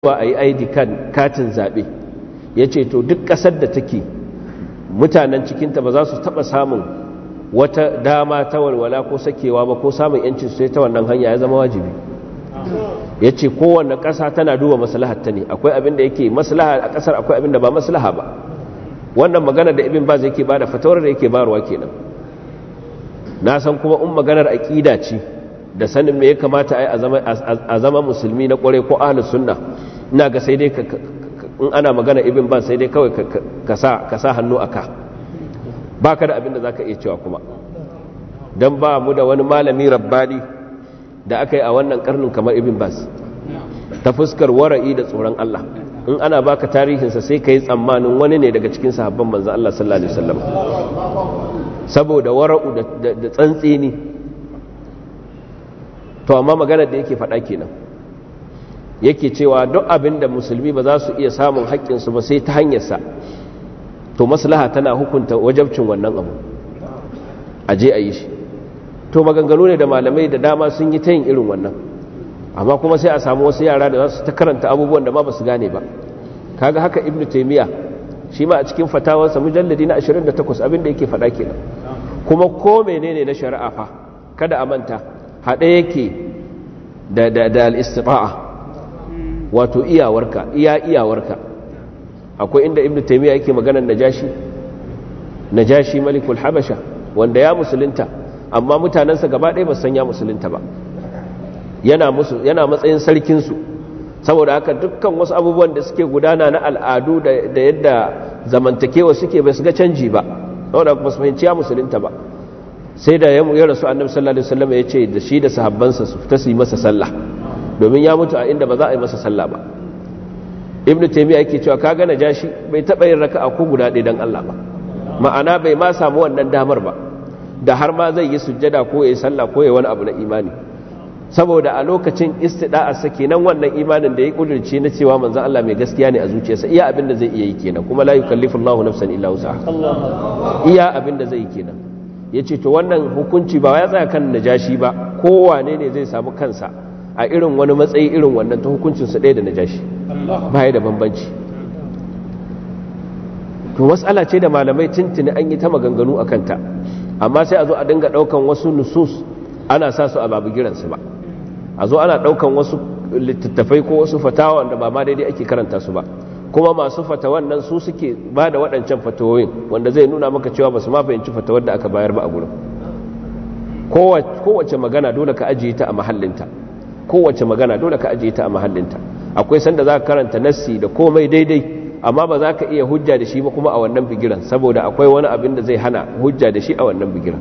cewa a yi aidi kan katin zaɓe ya ce to duk ƙasar da take mutanen cikinta ba za su taɓa samun wata dama ta walwala ko sakewa ba ko samun yancin sai ta wannan hanya ya zama wajibi ya ce kowane ƙasa tana duba maslahar ta ne akwai abin da yake maslaha a ƙasar akwai abin da ba maslaha ba wannan magana da ibin baz yake bada fatawar da yake barwa kenan na san kuma in maganar aƙida ce da sanin me ya kamata a zama musulmi na ƙware ko ahlus sunna ina ga sai dai in ana magana ibin ba sai dai kawai ka sa hannu a ka ba ka da abin da za ka iya cewa kuma don ba mu da wani malami rabbali da aka yi a wannan karnin kamar ibin bas ta fuskar wara'i da tsoron Allah in ana baka tarihinsa sai ka yi tsammanin wani ne daga cikin sahabban manzan Allah sallallahu Alaihi wasallam saboda wara'u da tsantsini to amma magana da yake faɗa kenan yake cewa duk abin da musulmi ba za su iya samun haƙƙinsu ba sai ta hanyarsa to maslaha tana hukunta wajabcin wannan abu a je a yi shi to maganganu ne da malamai da dama sun yi ta yin irin wannan amma kuma sai a samu wasu yara da za su ta karanta abubuwan da ma ba su gane ba kaga haka ibnu taymiya shi ma a cikin fatawarsa mujalladi na 28 abin da yake faɗa kenan kuma ko menene na shari'a fa kada a manta haɗe yake da da al-istita'a wato iyawarka iya iyawarka akwai inda ibnu taymiya yake maganar najashi najashi malikul habasha wanda ya musulunta amma mutanansa gaba ɗaya ba san ya musulunta ba yana musu yana matsayin sarkin su saboda haka dukkan wasu abubuwan da suke gudana na al'adu da yadda zamantakewa suke bai su ga canji ba saboda ba su fahimci ya musulunta ba sai da ya rasu annabi sallallahu alaihi wasallam ya ce da shi da sahabbansa su fita su yi masa sallah domin ya mutu a inda ba za a yi masa sallah ba ibn taymiya yake cewa kaga najashi bai taba yin raka'a ko guda ɗaya dan Allah ba ma'ana bai ma samu wannan damar ba da har ma zai yi sujjada ko yayi sallah ko yayi wani abu na imani saboda a lokacin istida'a sake nan wannan imanin da ya kudurce na cewa manzon Allah mai gaskiya ne a zuciyarsa iya abin da zai iya yi kenan kuma la yukallifullahu nafsan illa wusaha iya abin da zai yi kenan yace to wannan hukunci ba ya tsaya kan najashi ba kowane ne zai samu kansa a irin wani matsayi irin wannan ta hukuncinsu ɗaya da na jashi baya da bambanci to matsala ce da malamai tintini an yi ta maganganu a kanta amma sai a zo a dinga ɗaukan wasu nusus ana sa su a babu giransu ba a zo ana ɗaukan wasu littattafai ko wasu fatawa wanda ba ma daidai ake karanta su ba kuma masu fatawan nan su suke ba da waɗancan fatawoyin wanda zai nuna maka cewa ba su ma fahimci fatawar da aka bayar ba a gurin kowace magana dole ka ajiye ta a mahallinta kowace magana dole ka ajiye ta a mahallinta akwai sanda za ka karanta nassi da komai daidai amma ba za ka iya hujja da shi ba kuma a wannan bigiran saboda akwai wani abin da zai hana hujja da shi a wannan bigiran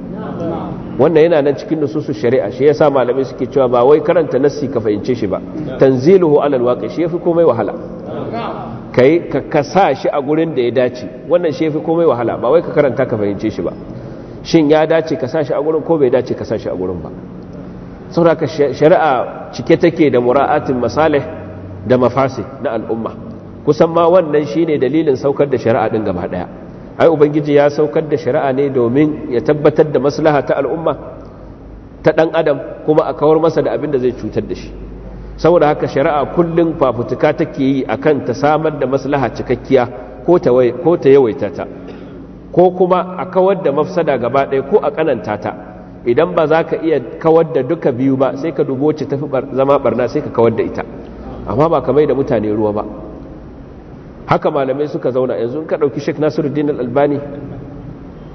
wannan yana nan cikin nususu shari'a shi yasa malamai suke cewa ba wai karanta nassi ka fahimce shi ba tanziluhu alal waqi shi yafi komai wahala kai ka kasa shi a gurin da ya dace wannan shi yafi komai wahala ba wai ka karanta ka fahimce shi ba shin ya dace ka sa a gurin ko bai dace ka sa a gurin ba saboda shari'a cike take da mura'atin masalih da mafasi na al'umma kusan ma wannan shine dalilin saukar da shari'a din gaba daya ai ubangiji ya saukar da shari'a ne domin ya tabbatar da maslaha ta al'umma ta dan adam kuma a kawar masa da abin da zai cutar da shi saboda haka shari'a kullum fafutuka take yi akan ta samar da maslaha cikakkiya ko ta yawaita ta ko kuma a kawar da mafsada gaba ɗaya ko a kananta ta idan ba za ka iya kawar da duka biyu ba sai ka dubo ce tafi zama barna sai ka kawar da ita amma ba kamar da mutane ruwa ba haka malamai suka zauna yanzu ka ɗauki Nasiru nasiruddin albani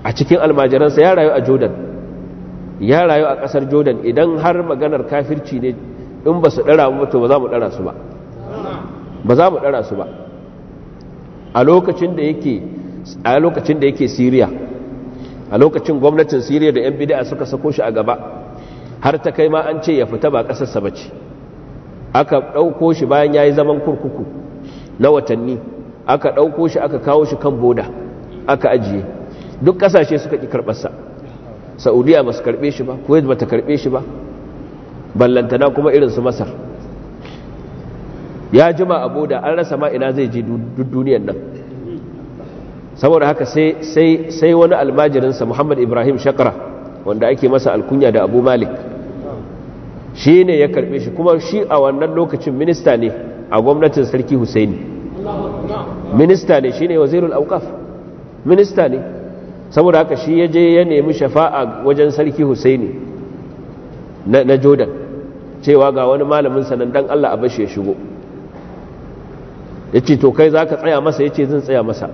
a cikin almajiransa ya rayu a jordan ya rayu a ƙasar jordan idan har maganar kafirci ne in ba su ɗara ba to ba za mu ɗara su ba ba za su ba a lokacin da yake a lokacin da yake siriya a lokacin gwamnatin siriya da 'yan bida'a suka sako shi a gaba har ta kai ma an ce ya fita ba ƙasarsa ba ce aka ɗauko shi bayan ya yi zaman kurkuku na watanni aka ɗauko shi aka kawo shi kan boda aka ajiye duk ƙasashe suka ƙi karɓarsa saudiya ba su karɓe shi ba kuwait ba ta karɓe shi ba ballantana kuma irin su masar ya jima a boda an rasa ma ina zai je duk duniyar nan saboda haka sai wani almajirinsa muhammad ibrahim shakara wanda ake masa alkunya da abu malik shi ne ya karbe shi kuma shi a wannan lokacin minista ne a gwamnatin sarki husaini minista ne shi ne wazirul aukaf minista ne saboda haka shi ya je ya nemi shafa'a wajen sarki husaini na jordan cewa ga wani malamin sanan dan allah a bashi ya shigo ya ce to kai za ka tsaya masa ya ce zan tsaya masa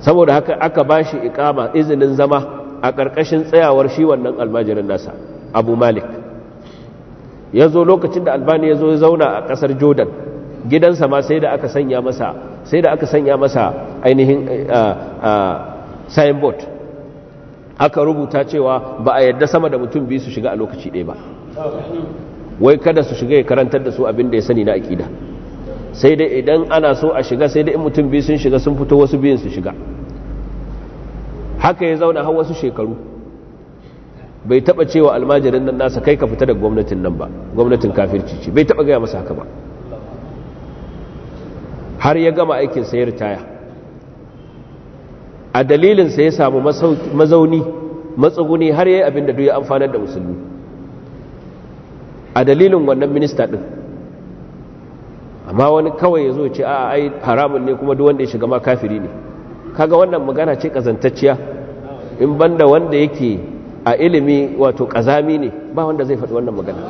saboda haka aka ba shi ikama izinin zama a ƙarƙashin tsayawar shi wannan almajirin nasa abu malik ya zo lokacin da albani ya zo ya zauna a ƙasar jordan gidansa ma sai da aka sanya masa sai da aka sanya masa ainihin eh, eh, eh, signboard aka rubuta cewa ba a yadda sama da mutum biyu su shiga a lokaci ɗaya ba wai kada su shiga ya karantar da su abin da ya sani na aƙida sai dai idan ana so a shiga sai dai in mutum biyu sun shiga sun fito wasu biyun su shiga haka ya zauna har wasu shekaru bai taba cewa almajirin nan nasa kai ka fita da gwamnatin nan ba gwamnatin kafirci ce bai taba gaya masa haka ba har ya gama aikin sa ya ritaya a dalilin sa ya samu mazauni matsuguni har yayi abin da duk ya amfanar da musulmi a dalilin wannan minista din amma wani kawai ya zo ce a ai haramun ne kuma duk wanda ya shiga ma kafiri ne kaga wannan magana ce kazantacciya in banda wanda yake a ilimi wato kazami ne ba wanda zai faɗi wannan magana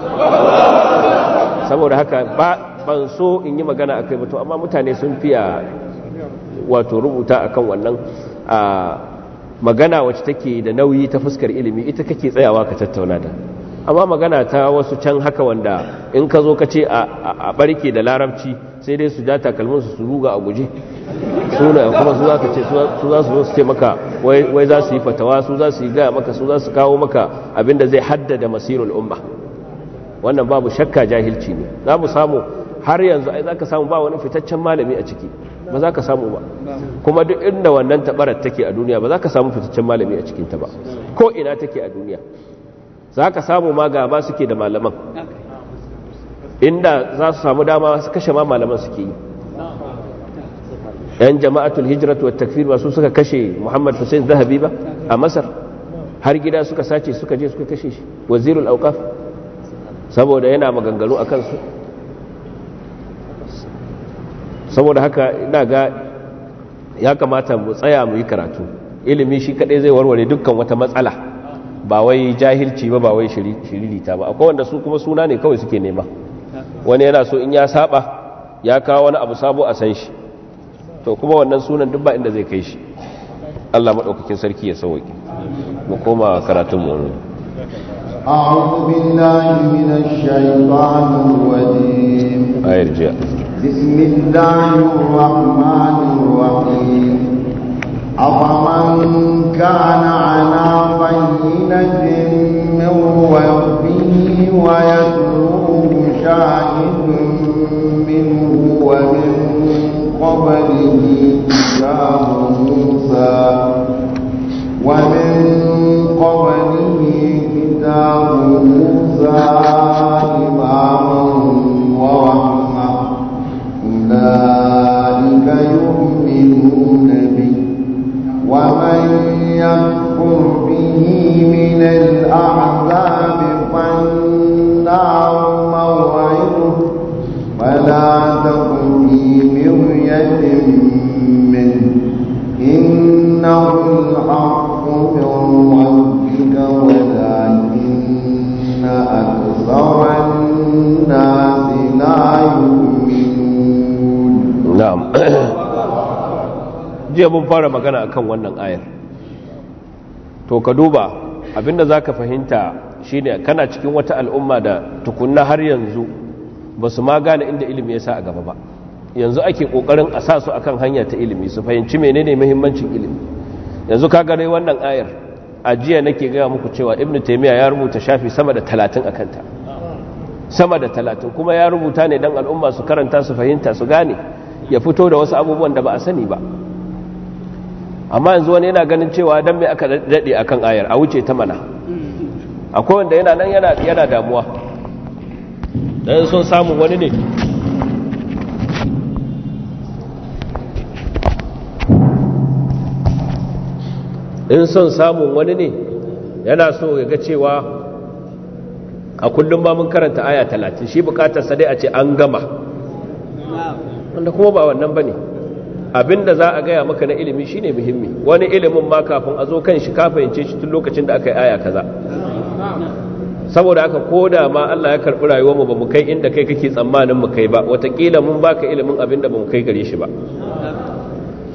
saboda haka ba ban so in yi magana a kai mutu amma mutane sun fiya wato rubuta akan wannan a magana wacce take da nauyi ta fuskar ilimi ita kake tsayawa ka tattauna da amma magana ta wasu can haka wanda in ka zo ka ce a barke da larabci sai dai su ja takalminsu su ruga a guje suna kuma su za ka ce su za su zo su ce maka wai za su yi fatawa su za su yi gaya maka su za su kawo maka abinda zai haddada masirul umma wannan babu shakka jahilci ne za mu samu har yanzu ai za ka samu ba wani fitaccen malami a ciki ba za ka samu ba kuma duk inda wannan tabarar take a duniya ba za ka samu fitaccen malami a cikinta ba ko ina take a duniya za ka samu ma ba suke da malaman inda za su samu dama su kashe ma malaman suke yi yan jama'atul hijratu wa takfir ba su suka kashe muhammad hussein zahabi ba a masar har gida suka sace suka je suka kashe shi wazirul auqaf saboda yana maganganu a kansu saboda haka ina ga ya kamata mu tsaya mu yi karatu ilimi shi kadai zai warware dukkan wata matsala ba wai jahilci ba ba wai shiririta ba akwai wanda su kuma suna ne kawai suke nema wani yana so in ya saba ya kawo wani abu sabo a san shi to kuma wannan sunan duk ba inda zai kai shi Allah madaukakin sarki ya sauke mu koma karatun mu أعوذ بالله من الشيطان الرجيم أرجع بسم الله الرحمن أفمن كان على بينة من ربه ويتلوه شاهد منه ومن قبله كتاب موسى ومن قبله كتاب موسى إماما ورحمة أولئك يؤمنون ومن يكفر به من الأعذاب فالنار موعده فلا تكن في مرية منه إنه الحق من ربك ولكن أكثر الناس لا يؤمنون نعم jiya mun fara magana akan wannan ayar to ka duba abinda za ka fahimta shine kana cikin wata al'umma da tukunna har yanzu ba su ma gane inda ilimi ya sa a gaba ba yanzu ake kokarin a sa su akan hanya ta ilimi su fahimci menene muhimmancin ilimi yanzu ka gare wannan ayar a jiya nake gaya muku cewa ibnu taymiya ya rubuta shafi sama da 30 akan ta sama da 30 kuma ya rubuta ne dan al'umma su karanta su fahimta su gane ya fito da wasu abubuwan da ba a sani ba amma yanzu wani yana ganin cewa don mai aka dade akan ayar a wuce ta mana akwai wanda yana nan yana damuwa sun samu wani ne in son samun wani ne yana so ya ga cewa a kullum ba mun karanta aya talatin shi bukatarsa dai a ce an gama wanda kuma ba wannan ba ne Abin da za a gaya maka na ilimi shine muhimmi wani ilimin ma kafin a zo kan shi ka fahimce shi tun lokacin da aka yi aya kaza saboda haka koda ma Allah ya karbi rayuwarmu ba mu kai inda kai kake tsammanin mu kai ba watakila mun baka ilimin abinda ba mu kai gare shi ba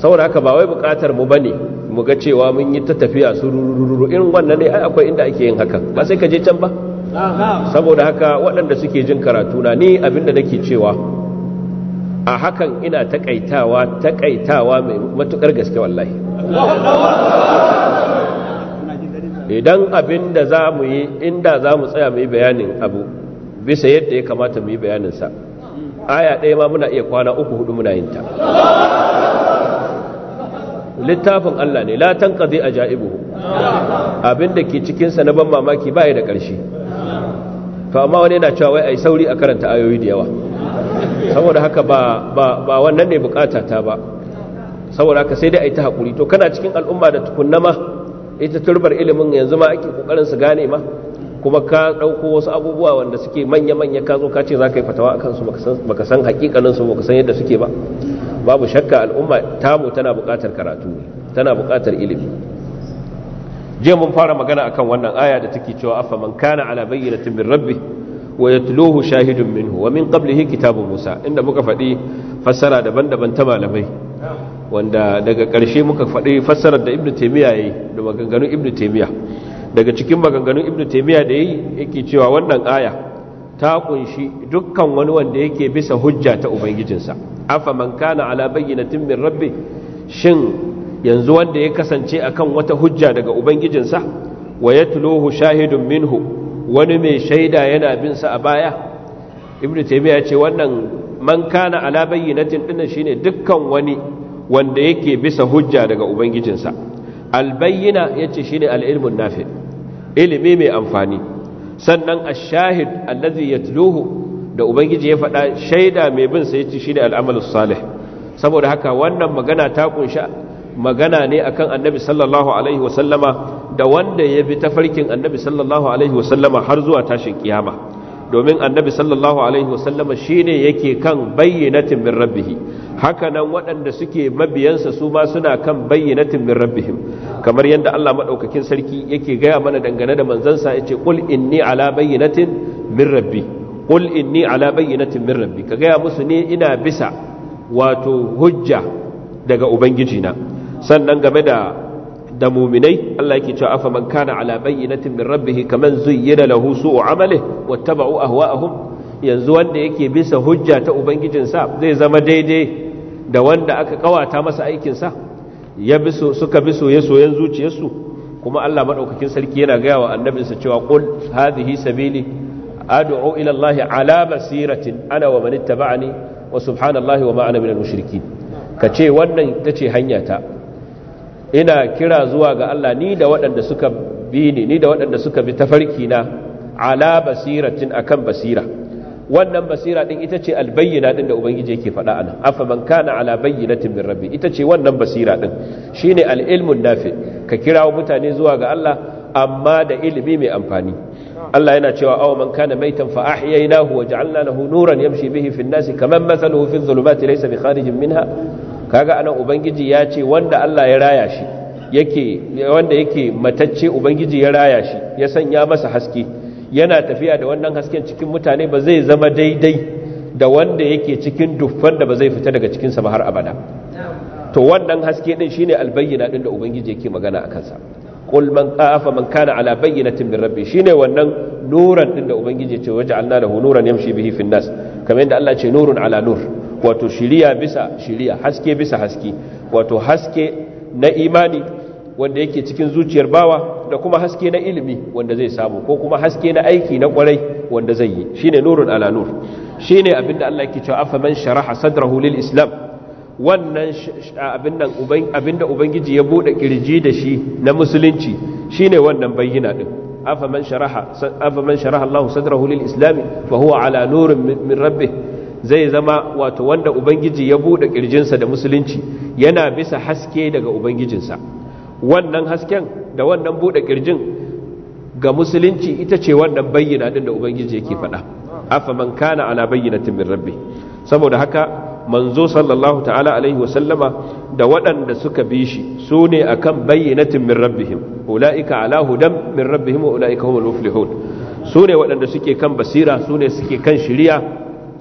saboda haka ba wai buƙatar mu bane mu ga cewa mun yi ta tafiya su rurururu irin wannan ne ai akwai inda ake yin hakan ba sai ka je can ba saboda haka waɗanda suke jin karatu na ni abinda nake cewa a hakan ina takaitawa takaitawa mai matukar gaske wallahi idan abin da za mu yi inda za mu tsaya mai bayanin abu bisa yadda ya kamata mu yi bayaninsa aya ɗaya ma muna iya kwana uku hudu muna yin ta littafin Allah ne latan a jaibu Abin da ke cikinsa na ban mamaki ba ya da ƙarshe to amma wani yana cewa wai a yi sauri a karanta ayoyi da yawa saboda haka ba wannan ne bukata ta ba saboda haka sai dai a yi ta haƙuri to kana cikin al'umma da tukunna ma ita turbar ilimin yanzu ma ake ƙoƙarin su gane ma kuma ka ɗauko wasu abubuwa wanda suke manya-manya ka zo ka ce za ka yi fatawa a kansu baka san ba baka san yadda suke ba babu shakka al'umma tamu tana buƙatar karatu ne tana buƙatar ilimi jiya mun fara magana akan wannan aya da take cewa afa man kana ala bayyinatin min rabbi. wa yatluhu shahidun minhu wa min qablihi kitabu Musa inda muka faɗi fassara daban-daban ta malamai wanda daga ƙarshe muka fadi fassarar da Ibn Taymiyyah yayi da maganganun Ibn Taymiyyah daga cikin maganganun Ibn Taymiyyah da yayi yake cewa wannan aya ta kunshi dukkan wani wanda yake bisa hujja ta ubangijinsa afa man kana ala bayyinatin min rabbi shin yanzu wanda ya kasance akan wata hujja daga ubangijinsa wa shahidun minhu wani mai shaida yana bin sa a baya ibnu taymiya ce wannan man kana ala bayyinatin dinnan shine dukkan wani wanda yake bisa hujja daga ubangijinsa albayyina yace shine alilmun nafi ilimi mai amfani sannan ash-shahid allazi yatluhu da ubangiji ya faɗa shaida mai bin sa yace shine al'amalus salih saboda haka wannan magana ta ƙunshi magana ne akan annabi sallallahu alaihi wasallama da wanda ya bi tafarkin annabi sallallahu alaihi wasallama har zuwa tashin kiyama domin annabi sallallahu alaihi wasallama shine yake kan bayyanatin min rabbih haka nan waɗanda suke mabiyansa su ma suna kan bayyanatin min rabbihim kamar yadda Allah madaukakin sarki yake gaya mana dangane da manzansa yace qul inni ala bayyanatin min rabbi qul inni ala bayyanatin min rabbi ka gaya musu ne ina bisa wato hujja daga ubangijina sannan game da da muminai Allah yake cewa afa man kana ala bayyinatin min rabbih kaman zuyyina lahu su'u amalihi wattaba'u ahwa'ahum yanzu wanda yake bisa hujja ta ubangijinsa zai zama daidai da wanda aka kawata masa aikin sa ya biso suka bi soye soyan zuciyarsu kuma Allah madaukakin sarki yana ga annabin sa cewa qul hadhihi sabili ad'u ila Allah ala basiratin ana wa man ittaba'ani wa subhanallahi wa ma ana minal mushrikin kace wannan ita ce ta ina kira zuwa ga Allah ni da waɗanda suka bi ni ni da waɗanda suka bi tafarki na ala basiratin akan basira wannan basira din ita ce albayyana din da ubangiji yake faɗa anan afa man kana ala bayyinatin min rabbi ita ce wannan basira din shine al'ilmun ilmun nafi ka kirawo mutane zuwa ga Allah amma da ilimi mai amfani Allah yana cewa aw man kana maitan fa ahyaynahu wa ja'alna lahu nuran yamshi bihi fi an kaman mathaluhu fi adh-dhulumati laysa bi kharijin minha kaga anan ubangiji ya ce wanda Allah ya raya shi yake wanda yake matacce ubangiji ya raya shi ya sanya masa haske yana tafiya da wannan hasken cikin mutane ba zai zama daidai da wanda yake cikin duffan da ba zai fita daga cikin sa ba har abada to wannan haske din shine albayyana din da ubangiji yake magana a kansa qul man qafa man kana ala bayyinatin min rabbi shine wannan nuran din da ubangiji ya ce waja'alna lahu nuran yamshi bihi fin nas kamar yadda Allah ya ce nurun ala nur wato shiriya bisa shiriya haske bisa haske wato haske na imani wanda yake cikin zuciyar bawa da kuma haske na ilimi wanda zai samu ko kuma haske na aiki na kwarai wanda zai yi shine nurun ala nur shine da Allah yake cewa afa man sharaha sadrahu lil islam wannan abin nan uban abinda ubangiji ya bude kirji da shi na musulunci shine wannan bayyana din afa man sharaha afa man sharaha Allah sadrahu lil islam wa huwa ala nurin min rabbih zai zama wato wanda ubangiji ya bude ƙirjinsa da musulunci yana bisa haske daga ubangijinsa wannan hasken da wannan bude kirjin ga musulunci ita ce wannan bayyana din da ubangiji yake faɗa afa man kana ala bayyinatin min rabbi saboda haka manzo sallallahu ta'ala alaihi wa sallama da waɗanda suka bi shi su ne akan bayyinatin min rabbihim ulaika ala hudan min rabbihim wa ulaika humul muflihun su ne waɗanda suke kan basira su ne suke kan shiriya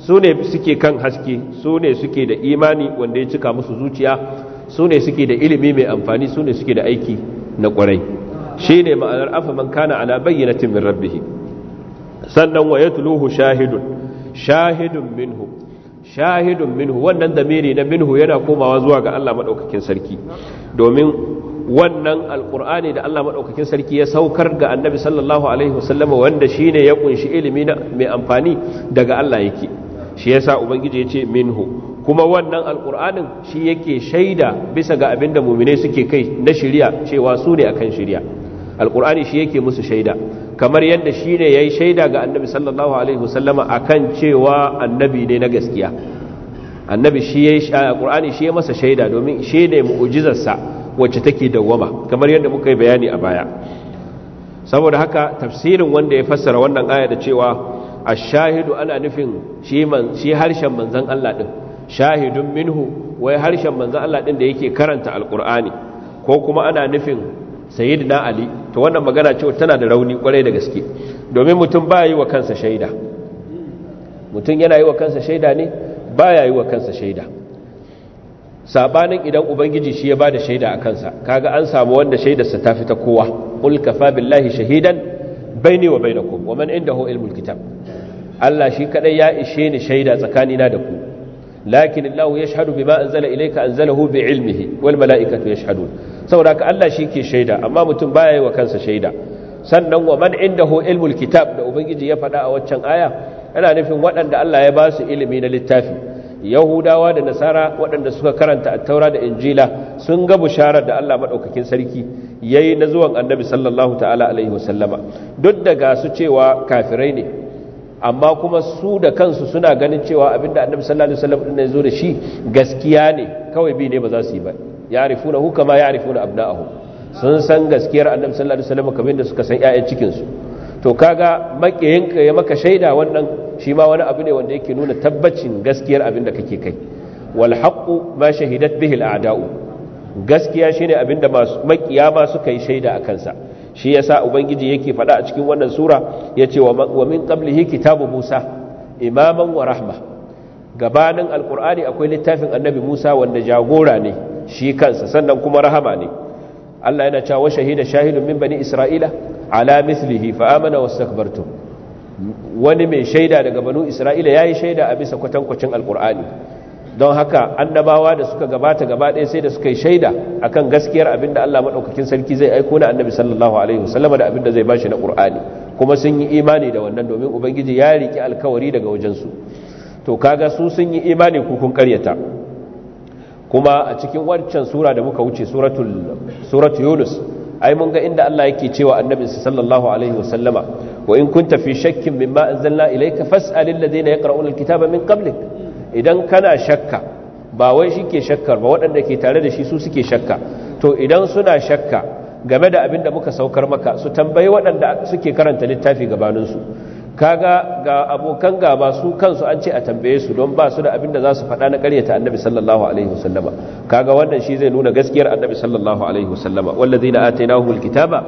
su ne suke kan haske su ne suke da imani wanda ya cika musu zuciya su ne suke da ilimi mai amfani su ne suke da aiki na kwarai shi ne ma'anar afa man kana ala bayyanatin min rabbihi sannan wa yatluhu shahidun shahidun minhu shahidun minhu wannan damiri na minhu yana komawa zuwa ga Allah madaukakin sarki domin wannan alƙurani da Allah maɗaukakin sarki ya saukar ga annabi sallallahu alaihi wasallama wanda shine ya kunshi ilimi mai amfani daga Allah yake shi ya sa ubangiji ya ce minhu kuma wannan alkur'anin shi yake shaida bisa ga abin da suke kai na shirya cewa su ne akan shirya alkur'ani shi yake musu shaida kamar yadda shi ne ya yi shaida ga annabi sallallahu alaihi wasallama kan cewa annabi ne na gaskiya annabi shi ya yi alkur'ani shi ya masa shaida domin shi ne mu'ujizarsa wacce take dawwama kamar yadda muka yi bayani a baya saboda haka tafsirin wanda ya fassara wannan aya da cewa ashahidu shahidu ana nufin shi harshen manzan Allah ɗin. shahidun minhu wai harshen manzan Allah ɗin da yake karanta Alƙur'ani. ko kuma ana nufin na ali ta wannan magana cewa tana da rauni kwarai da gaske domin mutum ba yi wa kansa shaida mutum yana yi wa kansa shaida ne Ba ya yi wa kansa shaida sabanin idan ubangiji shi ya bada shaida a kansa kaga an samu wanda shaidarsa ta fita kowa qul billahi shahidan baini wa bainakum wa man indahu ilmul kitab Allah shi kadai ya ishe ni shaida tsakanina da ku lakin Allah yashhadu bima anzala ilayka anzalahu bi ilmihi wal malaikatu yashhadun saboda ka Allah shi ke shaida amma mutum baya yi wa kansa shaida sannan wa man indahu ilmul kitab da ubangiji ya faɗa a waccan aya yana nufin waɗanda Allah ya ba su ilimi na littafi yahudawa da nasara waɗanda suka karanta taura da injila sun ga bisharar da Allah maɗaukakin sarki ya yi na zuwan annabi sallallahu ta'ala alaihi wasallama duk da ga su cewa kafirai ne amma kuma su da kansu suna ganin cewa abinda annabi sallallahu alaihi wasallam zo da shi gaskiya ne kawai bi ne ba za su yi ba ya'rifuna hu kama ya'rifuna abna'ahum sun san gaskiyar annabi sallallahu alaihi kamar da suka san yayan cikinsu. to kaga makiyinka ya maka shaida wannan shi ma wani abu ne wanda yake nuna tabbacin gaskiyar abin da kake kai wal haqqu ma shahidat bihi al a'da'u gaskiya shine abin da masu makiya ma suka yi shaida akan sa shi yasa ubangiji yake faɗa a cikin wannan sura yace wa min qablihi kitabu musa imaman wa rahma gabanin alqur'ani akwai littafin annabi musa wanda jagora ne shi kansa sannan kuma rahama ne Allah yana cewa shahida shahidun min bani isra'ila ala mislihi fa amana wastakbartum wani mai shaida daga banu isra'ila yayi shaida a bisa kwatankwacin alqur'ani don haka annabawa da suka gabata gaba ɗaya sai da suka yi shaida akan gaskiyar abinda Allah maɗaukakin sarki zai aiko na annabi sallallahu alaihi wasallam da abin da zai bashi na ƙur'ani kuma sun yi imani da wannan domin ubangiji ya riki alkawari daga su to kaga su sun yi imani ku kun ƙaryata kuma a cikin wancan sura da muka wuce suratul suratul yunus ai mun ga inda Allah yake cewa annabi sallallahu alaihi wasallama wa in kunta fi shakkin mimma anzalna ilayka fas'alil ladina yaqra'una alkitaba min qablik idan kana shakka ba wai shike shakkar ba waɗanda ke tare da shi su suke shakka to idan suna shakka game da abin da muka saukar maka su tambayi waɗanda suke karanta littafi gabaninsu kaga ga abokan gaba su kansu an ce a tambaye su don ba su da abin da za su faɗa na ƙaryata annabi sallallahu alaihi wasallama kaga wannan shi zai nuna gaskiyar annabi sallallahu alaihi wasallama wallazina atainahumul kitaba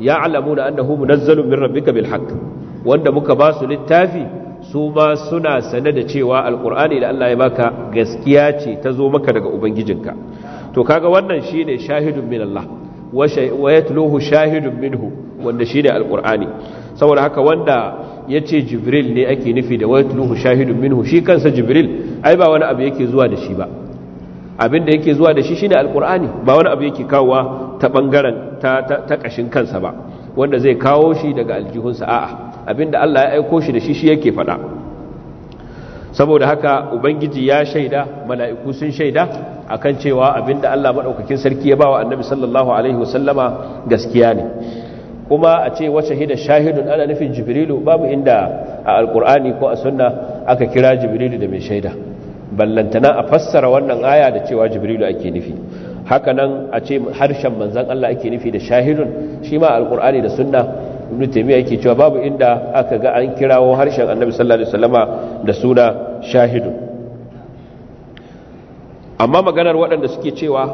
ya'lamuna annahu munazzalun min rabbika bil haqq wanda muka ba su littafi su ma suna sane da cewa alqur'ani da Allah ya baka gaskiya ce ta zo maka daga ubangijinka to kaga wannan shine shahidun min Allah wa yatluhu shahidun minhu wanda shine alqur'ani saboda haka wanda ya ce jibril ne ake nufi da wayatluhu shahidun minhu shi kansa jibril ai ba wani abu yake zuwa da shi ba abin da yake zuwa da shi shine alqur'ani ba wani abu yake kawowa ta bangaren ta ta kashin kansa ba wanda zai kawo shi daga aljihunsa a'a abin da Allah ya aiko shi da shi shi yake faɗa saboda haka ubangiji ya shaida mala'iku sun shaida akan cewa abin da Allah madaukakin sarki ya ba wa annabi sallallahu alaihi wasallama gaskiya ne kuma a ce wacce shahida shahidun ana nufin jibrilu babu inda a alkur'ani ko a sunna aka kira jibrilu da mai shaida ballantana a fassara wannan aya da cewa jibrilu ake nufi haka nan a ce harshen manzan Allah ake nufi da shahidun shi ma alkur'ani da sunna ibn taymiya yake cewa babu inda aka ga an kirawo harshen annabi sallallahu alaihi wasallama da suna shahidun amma maganar waɗanda suke cewa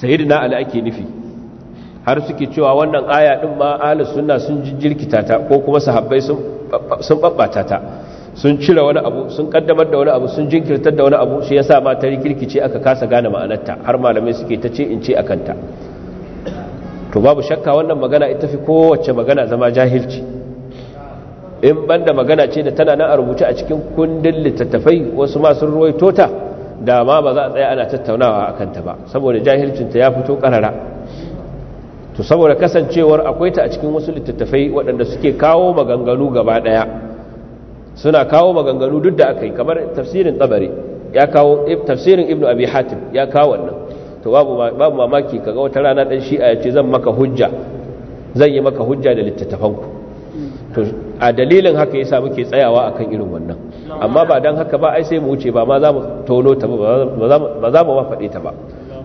sayyidina ali ake nufi har suke cewa wannan aya din ma ahlus sunna sun jirkita ta ko kuma sahabbai sun sun babbata ta sun cire wani abu sun kaddamar da wani abu sun jinkirtar da wani abu shi yasa ma ta rikirkice aka kasa gane ma'anarta har malamai suke ta ce in ce akan ta to babu shakka wannan magana ita fi kowace magana zama jahilci in banda magana ce da tana nan a rubuce a cikin kundin littattafai wasu masu ruwaito ta da ma ba za a tsaya ana tattaunawa akan ta ba saboda jahilcinta ya fito karara to saboda kasancewar akwai ta a cikin wasu littattafai waɗanda suke kawo maganganu gaba ɗaya suna kawo maganganu duk da aka yi kamar tafsirin tsabari ya kawo eh, tafsirin ibnu abi hatim ya kawo wannan to babu mamaki kaga wata rana ɗan shi'a ya ce zan maka hujja zan yi maka hujja da littattafanku to a dalilin haka yasa muke tsayawa akan irin wannan amma ba dan haka ba ai sai mu wuce ba ma za mu tono ta ba ba za mu ba faɗe ta ba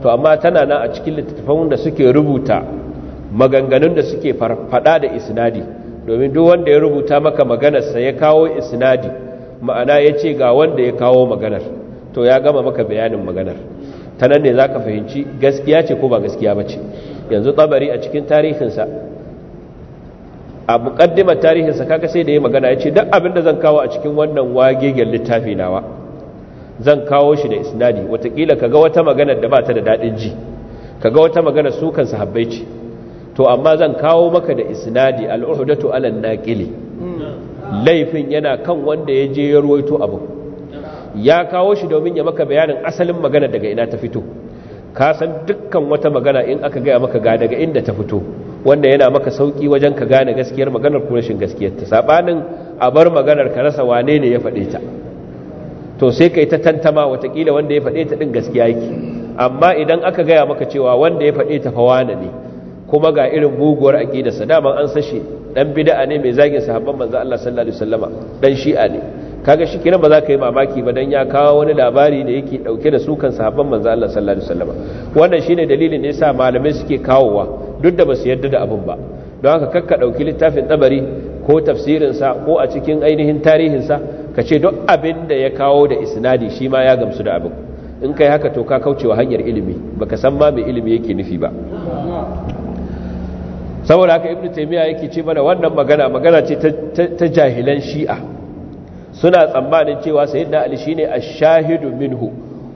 to amma tana nan a cikin littattafan da suke rubuta maganganun da suke faɗa da isnadi domin duk wanda ya rubuta maka maganarsa ya kawo isnadi ma'ana ya ce ga wanda ya kawo maganar to ya gama maka bayanin maganar ta nan ne za ka fahimci gaskiya ce ko ba gaskiya ba ce yanzu tsabari a cikin tarihinsa a muƙaddimar tarihinsa kaka sai da ya magana ya ce duk abin da zan kawo a cikin wannan wagegen littafi nawa zan kawo shi da isnadi watakila kaga wata maganar da ba ta da daɗin ji kaga wata maganar su kansa sahabbai ce to amma zan kawo maka da isnadi al'uhdatu ala naqili laifin yana kan wanda ya je ya ruwaito abu ya kawo shi domin ya maka bayanin asalin magana daga ina ta fito ka san dukkan wata magana in aka gaya maka ga daga inda ta fito wanda yana maka sauki wajen ka gane gaskiyar maganar ko rashin gaskiyar ta sabanin a bar maganar ka rasa wane ne ya fade ta to sai kai ta tantama watakila wanda ya fade ta din gaskiya yake amma idan aka gaya maka cewa wanda ya faɗe ta fa wane ne kuma ga irin muguwar aqidarsa daman an sashi dan bid'a ne mai zagin sahabban manzo Allah sallallahu alaihi wasallama dan shi'a ne kaga shi kiran ba za ka yi mamaki ba dan ya kawo wani labari da yake dauke da sukan sahabban manzo Allah sallallahu alaihi wasallama wannan shine dalilin da yasa malamai suke kawowa duk da basu yarda da abin ba don haka kakka dauki littafin tabari ko tafsirin sa ko a cikin ainihin tarihin sa ka ce duk abin da ya kawo da isnadi shi ma ya gamsu da abin in kai haka to ka kaucewa hanyar ilimi baka san ma mai ilimi yake nufi ba saboda haka ibnu taymiya yake ce mana wannan magana magana ce ta jahilan shi'a suna tsammanin cewa sayyidina ali shine ash-shahidu minhu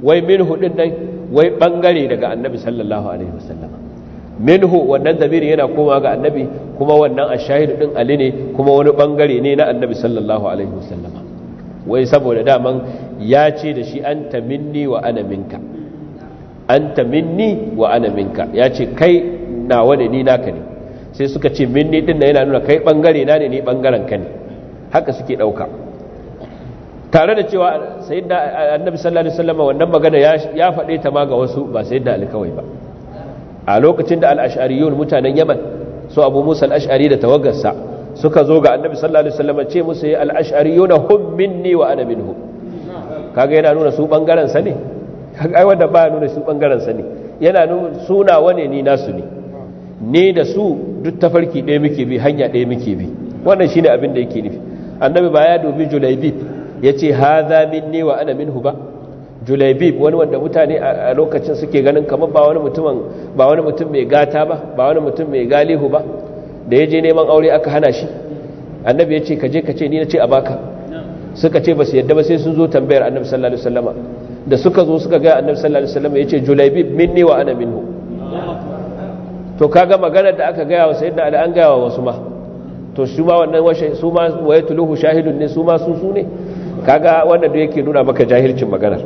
wai minhu din nan wai bangare daga annabi sallallahu alaihi wasallam minhu wannan zamiri yana koma ga annabi kuma wannan ash-shahidu din ali ne kuma wani bangare ne na annabi sallallahu alaihi wasallam wai saboda daman ya ce da shi anta minni wa ana minka anta minni wa ana minka ya ce kai nawa ne ni naka ne sai suka ce minni din na yana nuna kai bangare na ne ni bangaren ka ne haka suke dauka tare da cewa da annabi sallallahu alaihi wasallam wannan magana ya faɗe ta ma ga wasu ba sayyidina alkawai ba a lokacin da al-ash'ariyun mutanen yaman su abu musa al-ash'ari da tawaggarsa suka zo ga annabi sallallahu alaihi wasallam ce musu ya al-ash'ariyuna hum minni wa ana minhum kaga yana nuna su bangaren sa ne kaga ai wanda ba nuna su bangaren sa ne yana nuna suna wane ni nasu ne ni da su duk tafarki ɗaya muke bi hanya ɗaya muke bi wannan shine abin da yake nufi annabi ba ya dubi julaibib ya ce min minni wa ana minhu ba julaibib wani wanda mutane a lokacin suke ganin kamar ba wani mutum ba wani mutum mai gata ba ba wani mutum mai galihu ba da ya je neman aure aka hana shi annabi ya ce ka je ka ce ni na ce a baka suka ce ba su yadda ba sai sun zo tambayar annabi sallallahu alaihi wasallama da suka zo suka ga annabi sallallahu alaihi wasallama ya ce julaibib minni wa ana minhu to kaga maganar da aka gaya wa sayyidina ali an gaya wa wasu ma to su ma wannan washe su ma waye tuluhu shahidun ne su ma su su ne kaga wanda da yake nuna maka jahilcin maganar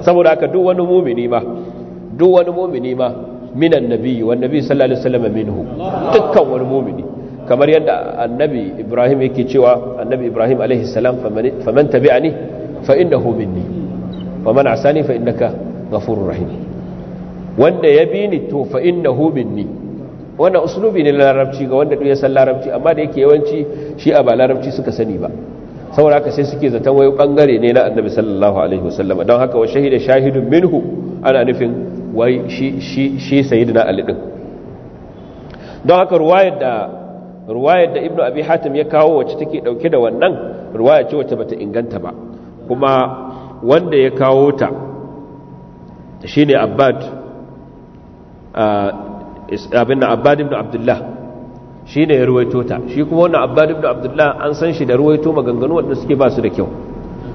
saboda haka duk wani mumini ma duk wani mumini ma minan nabiyyi wan nabi sallallahu alaihi wasallam minhu dukkan wani mumini kamar yadda annabi ibrahim yake cewa annabi ibrahim alaihi salam faman tabi'ani fa innahu minni wa man asani fa innaka ghafurur rahim wanda ya bi ni to fa innahu minni wannan uslubi ne larabci ga wanda duk ya san larabci amma da yake yawanci shi a ba larabci suka sani ba saboda haka sai suke zaton wayo bangare ne na annabi sallallahu alaihi wasallam don haka wa shahida shahidun minhu ana nufin wai shi shi shi sayyidina ali din don haka ruwayar da ruwayar da ibnu abi hatim ya kawo wacce take dauke da wannan ruwaya ce wacce bata inganta ba kuma wanda ya kawo ta shine abbad abin abbad ibn abdullah shi ne ya ruwaito ta shi kuma wannan abbad ibn abdullah an san shi da ruwaito maganganu wadda suke ba su da kyau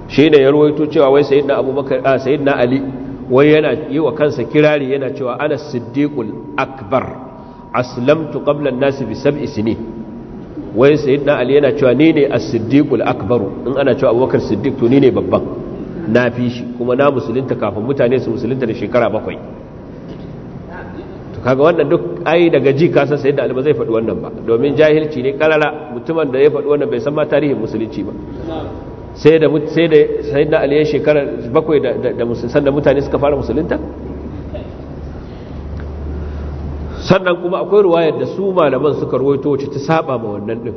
shi ne ya ruwaito cewa wai sayyidina abubakar a sayyidina ali wai yana yi wa kansa kirari yana cewa ana siddiqul akbar aslamtu qabla an-nas bi sab'i sinin wai sayyidina ali yana cewa ni ne as-siddiqul akbar in ana cewa abubakar siddiq to ni ne babban na fi shi kuma na musulunta kafin mutane su musulunta da shekara bakwai kaga wannan duk ai daga ji kasan sai da alba zai faɗi wannan ba domin jahilci ne karara mutumin da ya faɗi wannan bai san ma tarihin musulunci ba sai da sai da sai da aliyar shekarar bakwai da da musulman mutane suka fara musulunta sannan kuma akwai ruwayar da su malaman suka ruwaito wacce ta saba ma wannan din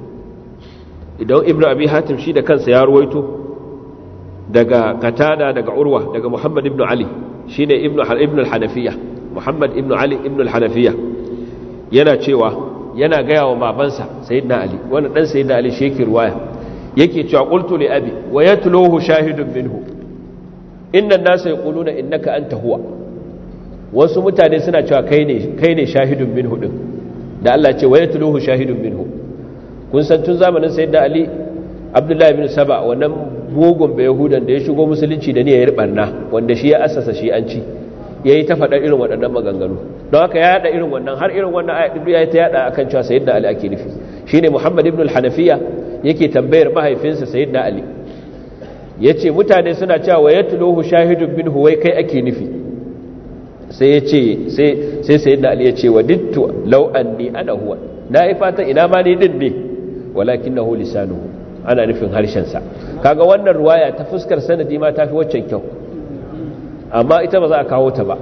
idan ibnu abi hatim shi da kansa ya ruwaito daga katada daga urwa daga muhammad ibnu ali shine ibnu ibnu al-hanafiya muhammad ibn ali ibn al-hanafiya yana cewa yana gaya wa babansa sayyidina ali wannan dan sayyidina ali shi ruwaya yake cewa qultu li abi wa yatluhu shahidun minhu inna an-nasa yaquluna innaka anta huwa wasu mutane suna cewa kai ne kai ne shahidun minhu din da Allah ce wa yatluhu shahidun minhu kun san tun zamanin sayyidina ali abdullahi bin saba wannan mugun bai yahudan da ya shigo musulunci da ya niyyar barna wanda shi ya assasa shi an ci yayi ta faɗar irin waɗannan maganganu don haka ya yada irin wannan har irin wannan ayat ya ta yada akan cewa sayyidina ali ake nufi shine muhammad ibn al-hanafiya yake tambayar mahaifinsa sayyidina ali yace mutane suna cewa wayatluhu shahidun minhu wai kai ake nufi sai yace sai sai sayyidina ali yace dittu law anni ana huwa na ifata ina ma ni din ne walakinahu lisanuhu ana nufin harshen sa kaga wannan ruwaya ta fuskar sanadi ma tafi waccan kyau amma ita ba za a kawo ta ba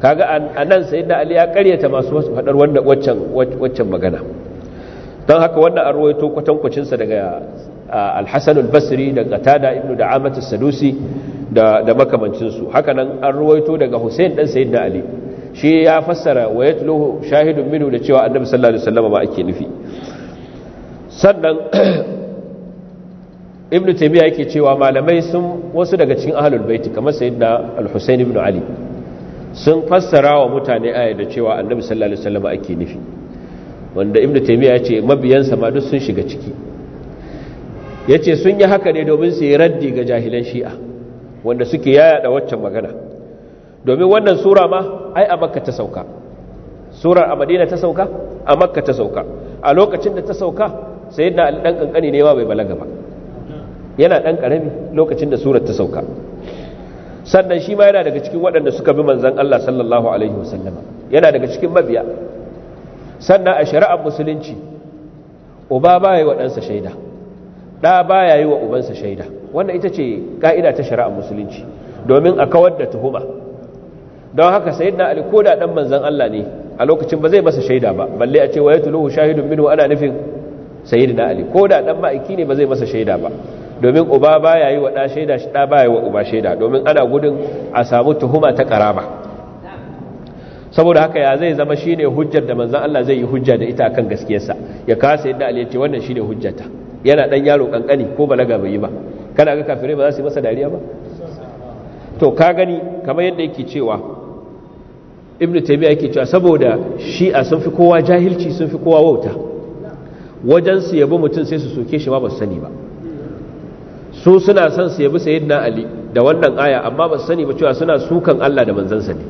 kaga a nan sai da ali ya karyata masu faɗar waccan magana don haka wannan an ruwaito kwatankwacinsa daga alhassan albasiri da katada ibnu da amatar sadusi da makamancinsu haka nan an ruwaito daga hussein ɗan sayyid da ali shi ya fassara wa tulo shahidun minu da cewa annabi sallallahu alaihi wasallam ba ake nufi sannan ibnu taymiya yake cewa malamai sun wasu daga cikin ahlul baiti kamar sayyidina al-husayn ibn ali sun fassara wa mutane aya da cewa annabi sallallahu alaihi wasallam ake nufi wanda ibn taymiya ya ce mabiyansa ma duk sun shiga ciki yace sun yi haka ne domin su yi raddi ga jahilan shi'a wanda suke yayada waccan magana domin wannan sura ma ai a makka ta sauka surar a madina ta sauka a makka ta sauka a lokacin da ta sauka sayyidina ali dan kankani ne ma bai balaga ba yana ɗan ƙarami lokacin da surar ta sauka sannan shi ma yana daga cikin waɗanda suka bi manzan Allah sallallahu alaihi wasallama yana daga cikin mabiya sannan a shari'ar musulunci uba ba ya yi wa ɗansa shaida ɗa ba ya yi wa ubansa shaida wannan ita ce ƙa'ida ta shari'ar musulunci domin a kawar da tuhuma don haka sayyidina ali ko da ɗan manzan Allah ne a lokacin ba zai masa shaida ba balle a ce wa yatluhu shahidun minu ana nufin sayyidina ali ko da ɗan ma'aiki ne ba zai masa shaida ba domin uba ba ya yi wa ɗa shaida shi ɗa yi wa uba shaida domin ana gudun a samu tuhuma ta ƙarama, saboda haka ya zai zama shine hujjar da manzan Allah zai yi hujja da ita akan gaskiyarsa ya kasa yadda Ali ce wannan shine hujjata yana ɗan yaro ƙanƙani ko balaga bai yi ba kana ga kafirai ba za su yi masa dariya ba to ka gani kamar yadda yake cewa ibnu taymiya yake cewa saboda shi'a sun fi kowa jahilci sun fi kowa wauta wajen su yabi mutum sai su soke shi ma ba su sani ba su suna son su yabi sayyidina ali da wannan aya amma ba su sani ba cewa suna sukan Allah da manzansa ne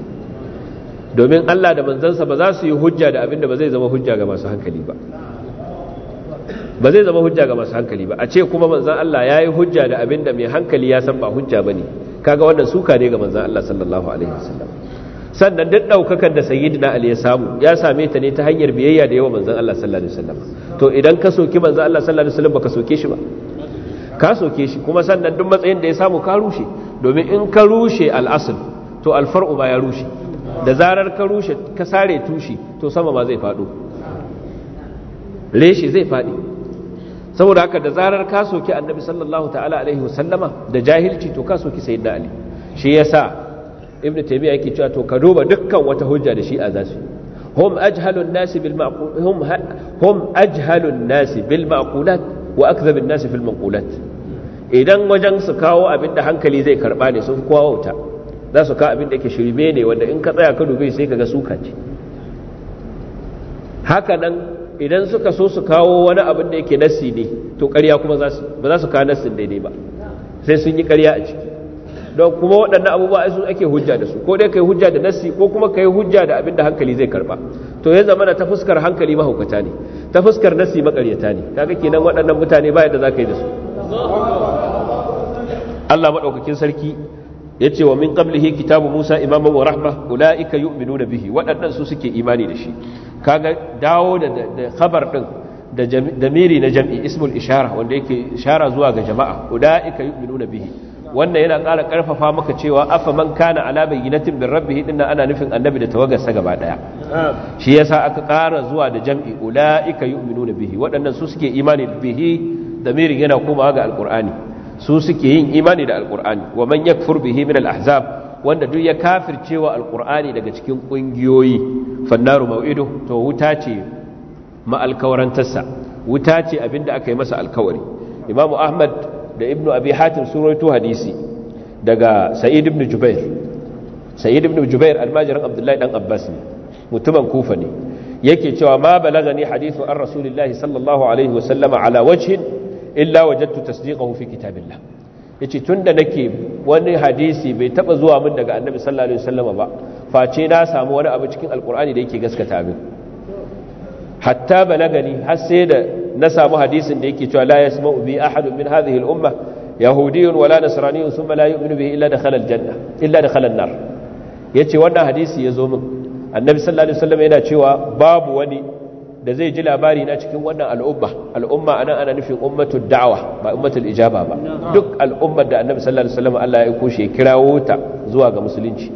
domin Allah da manzansa ba za su yi hujja da abin da ba zai zama hujja ga masu hankali ba ba zai zama hujja ga masu hankali ba a ce kuma manzan Allah ya yi hujja da abin da mai hankali ya san ba hujja ba ne kaga wannan suka ne ga manzan Allah sallallahu alaihi wasallam sannan duk daukakar da sayyidina ali ya samu ya same ta ne ta hanyar biyayya da yawa manzan Allah sallallahu alaihi wasallam to idan ka soki manzan Allah sallallahu alaihi wasallam baka soke shi ba ka soke shi kuma sannan duk matsayin da ya samu ka rushe domin in ka rushe al'asul to alfar'u ba ya rushe da zarar ka rushe ka sare tushe to sama ma zai faɗo reshe zai faɗi saboda haka da zarar ka soki annabi sallallahu ta'ala alaihi wasallama da jahilci to ka soki sayyidina ali shi ya sa ibnu taimiyya yake cewa to ka duba dukkan wata hujja da shi a su, hum ajhalun nasi bil ma'qul hum hum ajhalun wa akzabin nasi fil manqulat idan wajen su kawo abin da hankali zai karba ne sun fi kowa wauta za su kawo abin da yake shirme ne wanda in ka tsaya ka dube sai kaga suka ce haka nan idan suka so su kawo wani abin da yake nasi ne to ƙarya kuma ba za su kawo nasin daidai ba sai sun yi ƙarya a ciki don kuma waɗannan abubuwa ai su ake hujja da su ko dai ka yi hujja da nasi ko kuma ka yi hujja da abin da hankali zai karba to ya zama ta fuskar hankali mahaukata ne ta fuskar nasi makaryata ne kaga kenan waɗannan mutane ba yadda zaka yi da su Allah madaukakin sarki ya ce wa min qablihi kitabu Musa imaman wa rahma ulaika yu'minuna bihi waɗannan su suke imani da shi kaga dawo da khabar din da damiri na jam'i ismul ishara wanda yake ishara zuwa ga jama'a ulaika yu'minuna bihi wannan yana ƙara ƙarfafa maka cewa afa man kana ala bayyinatin bin rabbi dinna ana nufin annabi da tawagarsa gaba daya shi yasa aka ƙara zuwa da jam'i ulaika yu'minuna bihi waɗannan su suke imani bihi damirin yana komawa ga alqur'ani su suke yin imani da alqur'ani wa man yakfur bihi min al-ahzab wanda duk ya kafircewa alqur'ani daga cikin kungiyoyi fannaru mau'idu to wuta ce ma alkawarantarsa wuta ce abinda aka yi masa alkawari imamu ahmad da ibnu abi hatim sun hadisi daga sa'id ibn jubair sa'id ibn jubair almajirin abdullahi dan abbas ne mutumin kufa ne yake cewa ma balagani hadithu an rasulillahi sallallahu alaihi wa sallama ala wajhin illa wajadtu tasdiqahu fi kitabillah yace tunda nake wani hadisi bai taba zuwa min daga annabi sallallahu alaihi ba face na samu wani abu cikin alqur'ani da yake gaskata min hatta balagani har sai da na samu hadisin da yake cewa la yasma'u bi ahadun min hadhihi al-umma yahudiyyun wala nasraniyyun thumma la yu'minu bihi illa dakhala al-janna illa dakhala an-nar yace wannan hadisi yazo min annabi sallallahu alaihi wasallam yana cewa babu wani da zai ji labari na cikin wannan al'umma al'umma anan ana nufin ummatul da'wa ba ummatul ijaba ba duk al'ummar da annabi sallallahu alaihi wasallam Allah ya aiko ya kirawo ta zuwa ga musulunci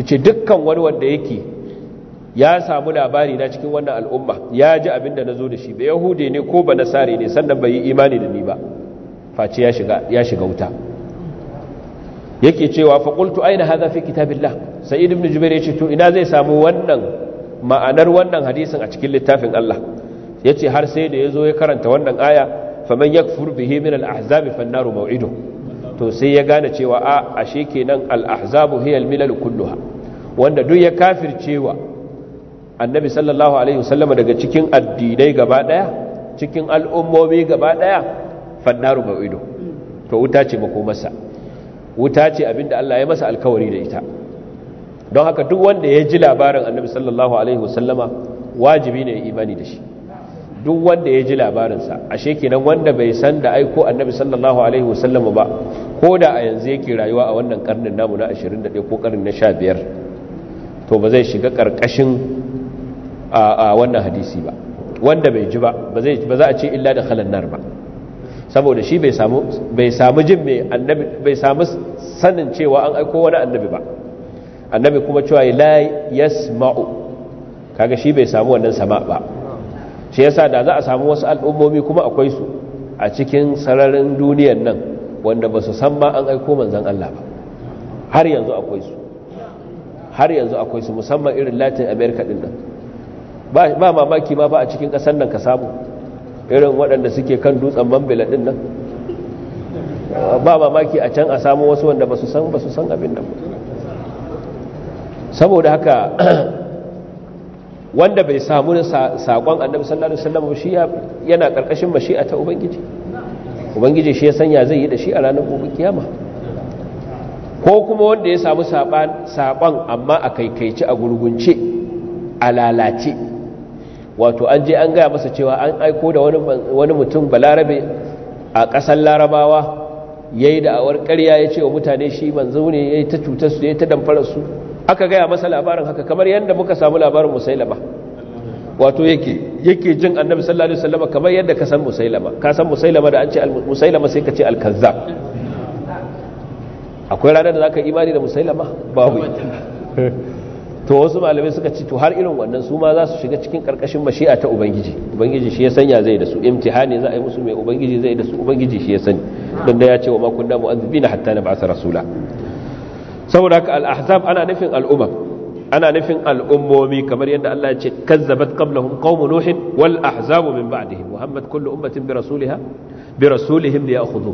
yace dukkan wani wanda yake ya samu labari na cikin wannan al'umma ya ji abin da na zo da shi ba yahude ne ko ba nasare ne sannan bai yi imani da ni ba face ya shiga wuta yake cewa faƙultu aina haza fi kitabillah sa'id ibn jubair yace to ina zai samu wannan ma'anar wannan hadisin a cikin littafin Allah yace har sai da yazo ya karanta wannan aya faman yakfur bihi min al-ahzab fan naru maw'idu to sai ya gane cewa a ashe kenan al ahzabu hiya al-milal kulluha wanda duk ya kafircewa annabi sallallahu alaihi wasallam daga cikin addinai gaba daya cikin al'ummomi gaba daya fannaru ido to wuta ce makomarsa wuta ce abinda Allah ya masa alkawari da ita don haka duk wanda ya ji labarin annabi sallallahu alaihi wasallama wajibi ne ya imani da shi duk wanda ya ji labarinsa ashe kenan wanda bai san da aiko annabi sallallahu alaihi wasallama ba ko da a yanzu yake rayuwa a wannan karnin namu na 21 ko karnin na 15 to ba zai shiga karkashin a wannan hadisi ba wanda bai ji ba ba za a ce illa da halannar ba saboda shi bai samu jin mai annabi bai samu sanin cewa an aiko wani annabi ba annabi kuma cewa la yasma'u kaga shi bai samu wannan sama ba shi yasa da za a samu wasu al'ummomi kuma akwai su a cikin sararin duniyar nan wanda ba su san ma an aiko manzon Allah ba har yanzu akwai su har yanzu akwai su musamman irin Latin America din nan ba mamaki ma ba a cikin ƙasar nan ka samu irin waɗanda suke kan dutsen bambila ɗin nan ba mamaki a can a samu wasu wanda ba su san ba su san abin nan saboda haka wanda bai samu saƙon annabi sallallahu alaihi wasallam shi yana ƙarƙashin mashi'a ta ubangiji ubangiji shi ya sanya zai yi da shi a ranar gobe kiyama ko kuma wanda ya samu saƙon amma a kaikaici a gurgunce a lalace wato an je an gaya masa cewa an aiko da wani mutum balarabe a ƙasar larabawa ya yi da'awar ƙarya ya ce wa mutane shi manzo ne ya yi ta cutarsu ya yi ta damfararsu aka gaya masa labarin haka kamar yadda muka samu labarin musailama wato yake jin annabi sallallahu alaihi wasallam kamar yadda ka san musailama ka san musailama da an ce musailama sai ka ce alkazza akwai ranar da ka imani da musailama babu to wasu malamai suka ci to har irin wannan su ma za su shiga cikin karkashin mashi'a ta ubangiji ubangiji shi ya sanya zai da su imtihani za a yi musu mai ubangiji zai da su ubangiji shi ya sani don da ya ce wa ma kunna mu'azzibina hatta na ba'sa rasula saboda haka al-ahzab ana nufin al'umma ana nufin al'ummomi kamar yadda Allah ya ce kazzabat qablahum qaumun nuh wal ahzabu min ba'dihim muhammad kullu ummatin bi rasuliha bi rasulihim liya'khudhu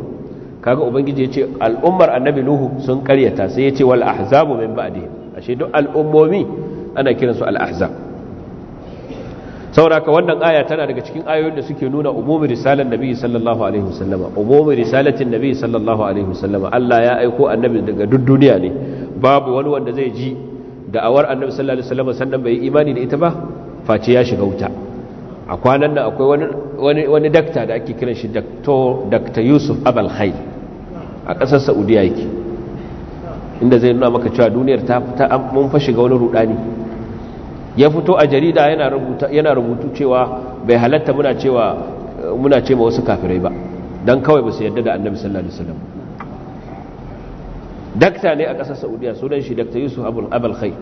kaga ubangiji ya ce al'ummar annabi nuhu sun karyata sai ya ce wal ahzabu min ba'dihim ashe duk al'ummomi ana kiransu al'ahzab sauraka wannan aya tana daga cikin ayoyin da suke nuna umumin risalar nabi sallallahu alaihi wasallama umumin risalatin nabi sallallahu alaihi wasallama Allah ya aiko annabi daga duk duniya ne babu wani wanda zai ji da'awar annabi sallallahu alaihi wasallama sannan bai imani da ita ba face ya shiga wuta a kwanan nan akwai wani wani wani dakta da ake kiran shi Dr. Dr. Yusuf Abal Khair a ƙasar Saudiya yake inda zai nuna maka cewa duniyar ta mun fa shiga wani rudani ya fito a jarida yana rubuta yana rubutu cewa bai halatta muna cewa muna ce ma wasu kafirai ba dan kawai ba su yarda da annabi sallallahu alaihi wasallam dakta ne a ƙasar saudiya sunan shi dakta yusuf abul abul khair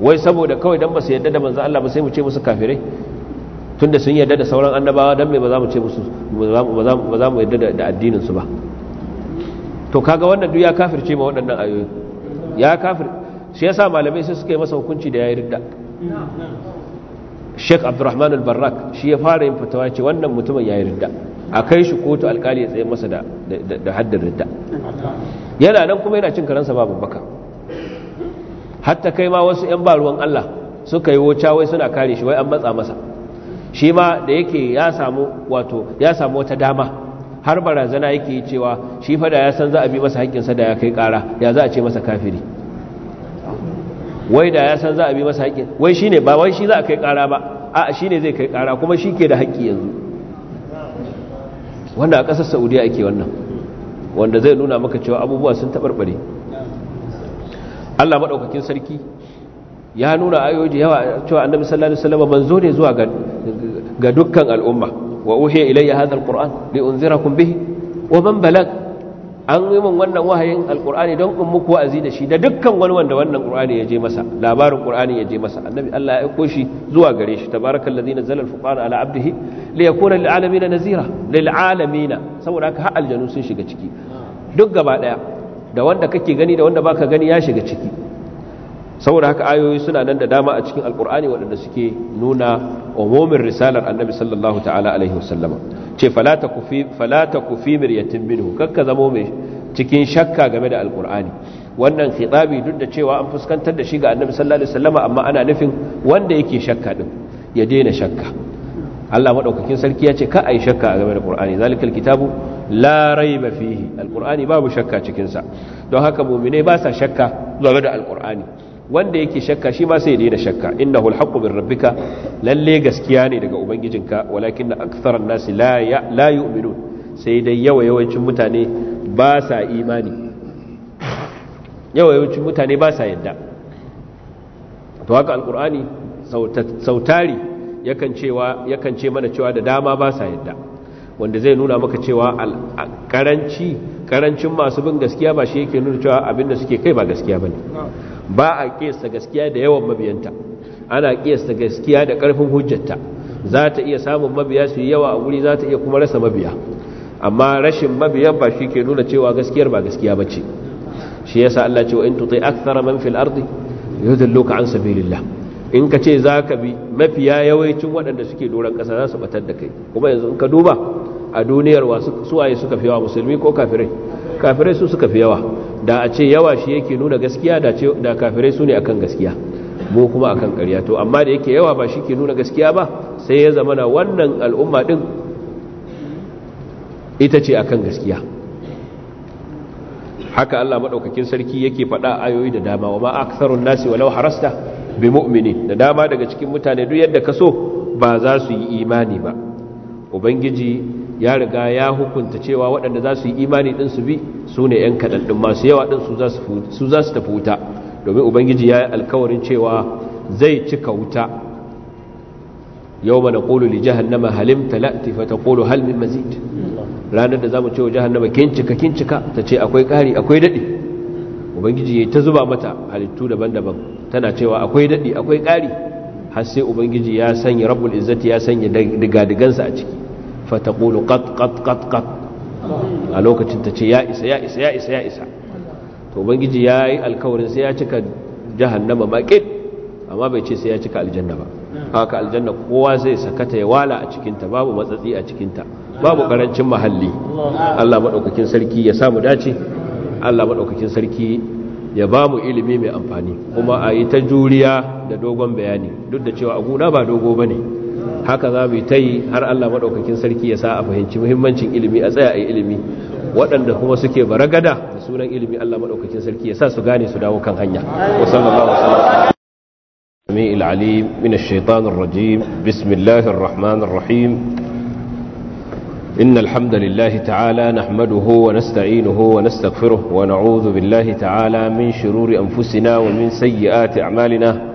wai saboda kawai dan ba su yarda da manzo Allah ba sai mu ce musu kafirai tunda sun yarda da sauran annabawa dan me ba za mu ce musu ba za mu yarda da addinin su ba to kaga wannan duk ya kafirce ma waɗannan ayoyi ya kafir shi yasa malamai sai suka yi masa hukunci da yayi ridda Sheikh Abdulrahman al-Barrak shi ya fara yin fatawa ce wannan mutumin yayi ridda a kai shi kotu alkali ya tsaye masa da da haddin ridda yana nan kuma yana cin karansa babu baka hatta kai ma wasu yan baruwan Allah suka yi wuce wai suna kare shi wai an matsa masa shi ma da yake ya samu wato ya samu wata dama har barazana yake yi cewa shi fa da ya san za a bi masa haƙƙinsa da ya kai ƙara ya za a ce masa kafiri wai da ya san za a bi masa haƙƙin wai shi ne ba wai shi za a kai ƙara ba a shi ne zai kai ƙara kuma shi ke da haƙƙi yanzu wanda a ƙasar saudiya ake wannan wanda zai nuna maka cewa abubuwa sun taɓarɓare allah maɗaukakin sarki ya nuna ayoyi yawa cewa annabi sallallahu alaihi wasallam manzo ne zuwa ga dukkan al'umma wa uhiya ilayya hadha alquran li unzirakum bihi wa man balag an yi min wannan wahayin alqurani don in muku wa'azi da shi da dukkan wani wanda wannan qur'ani ya je masa labarin qur'ani ya je masa annabi Allah ya aiko shi zuwa gare shi tabarakallazi nazzala alfurqana ala abdihi li yakuna lil alamin nazira lil alamin saboda haka har aljanu sun shiga ciki duk gaba daya da wanda kake gani da wanda baka gani ya shiga ciki saboda haka ayoyi suna nan da dama a cikin alkur'ani waɗanda suke nuna umumin risalar annabi sallallahu ta'ala alaihi wasallama ce falata kufi falata kufi miryatin minhu kakka zamo mai cikin shakka game da alkur'ani wannan khitabi duk da cewa an fuskantar da shi ga annabi sallallahu alaihi wasallama amma ana nufin wanda yake shakka din ya daina shakka Allah madaukakin sarki ya ce ka ai shakka game da alkur'ani zalikal kitabu la raiba fihi alkur'ani babu shakka cikin sa don haka mu'mine ba sa shakka game da alkur'ani wanda yake shakka shi ma sai ya daina shakka innahu alhaqqu min rabbika lalle gaskiya ne daga ubangijinka walakin aktharan nasi la la yu'minun sai dai yawa yawancin mutane ba sa imani yawa mutane ba sa yadda to haka alqur'ani sautari yakan cewa yakan ce mana cewa da dama ba sa yadda wanda zai nuna maka cewa karanci karancin masu bin gaskiya ba shi yake nuna cewa abinda suke kai ba gaskiya bane ba a kiyasta gaskiya da yawan mabiyanta ana kiyasta gaskiya da karfin hujjata. za ta iya samun mabiya su yi yawa a wuri za ta iya kuma rasa mabiya amma rashin mabiyan ba shi ke nuna cewa gaskiyar ba gaskiya ba ce shi ya sa Allah ce wa in tuti akthara man fil ardi loka an sabilillah in ka ce za ka bi mafiya yawancin waɗanda suke doron ƙasa za su batar da kai kuma yanzu in ka duba a duniyar wasu suwaye suka fi yawa musulmi ko kafirai kafirai su suka fi yawa da a ce yawa shi yake nuna gaskiya da kafirai su ne akan gaskiya mu kuma akan ƙarya to amma da yake yawa ba shi ke nuna gaskiya ba sai ya zama na wannan al'umma din ita ce akan gaskiya haka Allah maɗaukakin sarki yake faɗa ayoyi da dama wa ma aktharun nasi walau harasta bi mu'mini da dama daga cikin mutane duk yadda ka so ba za su yi imani ba ubangiji ya riga ya hukunta cewa waɗanda za su yi imani ɗin su bi su ne 'yan kaɗaɗɗin masu yawa ɗin su za su tafi wuta domin ubangiji ya yi alkawarin cewa zai cika wuta yau mana ƙolu li jahannama halim talati fa ta ƙolu halmin mazid ranar da za mu cewa jahannama kincika kincika ta ce akwai ƙari akwai daɗi ubangiji ya ta zuba mata halittu daban-daban tana cewa akwai daɗi akwai ƙari har sai ubangiji ya sanya rabbul izzati ya sanya digadigansa a ciki fataqulu qat qat qat qat a lokacin ta ce ya isa ya isa ya isa ya isa to bangiji ya yi alkawarin sai ya cika jahannama maqit amma bai ce sai ya cika aljanna ba haka aljanna kowa zai sakata ya wala a cikinta babu matsatsi a cikinta babu ƙarancin mahalli Allah maɗaukakin sarki ya samu dace Allah maɗaukakin sarki ya ba mu ilimi mai amfani kuma a yi ta juriya da dogon bayani duk da cewa a guda ba dogo ba ne haka za mu yi har Allah maɗaukakin sarki ya sa a fahimci muhimmancin ilimi a tsaya a ilimi waɗanda kuma suke baragada da sunan ilimi Allah maɗaukakin sarki ya sa su gane su dawo kan hanya wasallallahu alaihi wa alim min ash-shaytanir rajim bismillahir rahmanir rahim innal hamdalillahi ta'ala nahmaduhu wa nasta'inuhu wa nastaghfiruh wa na'udhu billahi ta'ala min shururi anfusina wa min sayyiati a'malina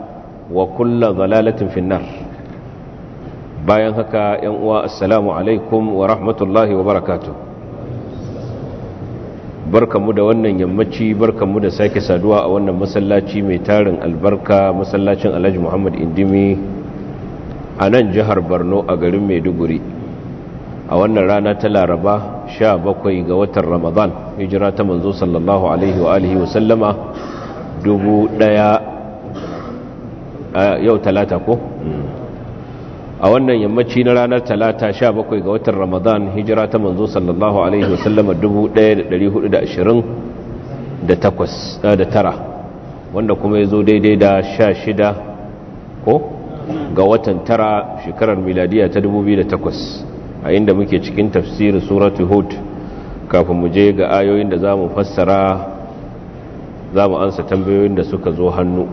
wa kulla zalalatin finnar bayan haka yan uwa assalamu alaikum wa rahmatullahi wa barakatu barkamu da wannan yammaci mu da sake saduwa a wannan masallaci mai tarin albarka masallacin alhaji muhammad indimi a nan jihar borno a garin maiduguri a wannan rana ta laraba sha bakwai ga watan ramadan hijira ta manzo sallallahu alaihi wa alihi wa sallama dubu ɗaya yau talata ko a wannan yammaci na ranar talata sha bakwai ga watan ramadan hijira ta manzo sallallahu alaihi wasallam 1428 wanda kuma ya zo daidai da 16 ko ga watan tara shekarar miladiya ta 2008 a inda muke cikin tafsirin suratu hud kafin mu je ga ayoyin da za mu fassara za mu ansa tambayoyin da suka zo hannu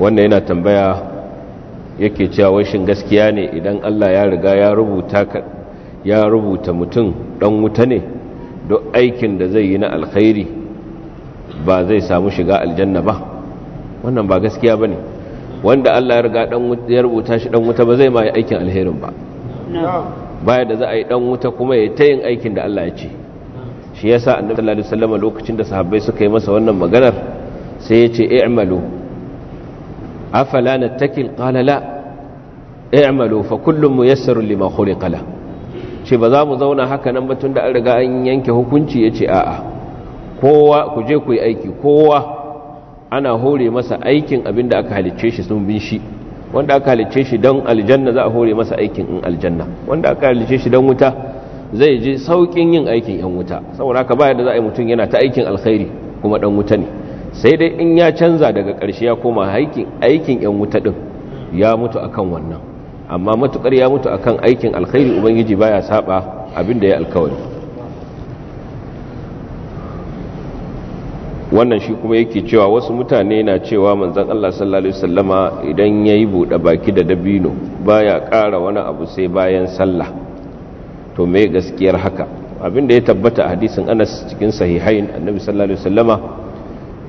wannan yana tambaya yake cewa washin gaskiya ne idan Allah ya riga ya rubuta ya rubuta mutum dan wuta ne don aikin da zai yi na alkhairi ba zai samu shiga aljanna ba wannan ba gaskiya bane wanda Allah ya riga dan ya rubuta shi dan wuta ba zai ma yi aikin alherin ba baya da za a yi dan wuta kuma ya ta yin aikin da Allah ya ce shi yasa annabi sallallahu alaihi wasallam lokacin da sahabbai suka yi masa wannan maganar sai ya ce i'malu afala nattakil qala la i'malu fa kullum muyassarun lima khuliqa la ce ba za mu zauna haka nan ba tunda an riga an yanke hukunci ya ce a'a kowa ku je ku yi aiki kowa ana hore masa aikin abinda aka halicce shi sun bin shi wanda aka halicce shi don aljanna za a hore masa aikin in aljanna wanda aka halicce shi don wuta zai ji sauƙin yin aikin yan wuta saboda haka baya da za a yi mutum yana ta aikin alkhairi kuma dan wuta ne sai dai in ya canza daga ƙarshe ya koma aikin yan wuta ɗin ya mutu akan wannan amma matukar ya mutu akan aikin alkhairi ubangiji baya saba abin da ya alkawari wannan shi kuma yake cewa wasu mutane na cewa manzan Allah sallallahu alaihi wasallama idan yayi buɗe baki da dabino baya ƙara wani abu sai bayan sallah to me gaskiyar haka abin da ya tabbata a hadisin Anas cikin sahihain annabi sallallahu alaihi wasallama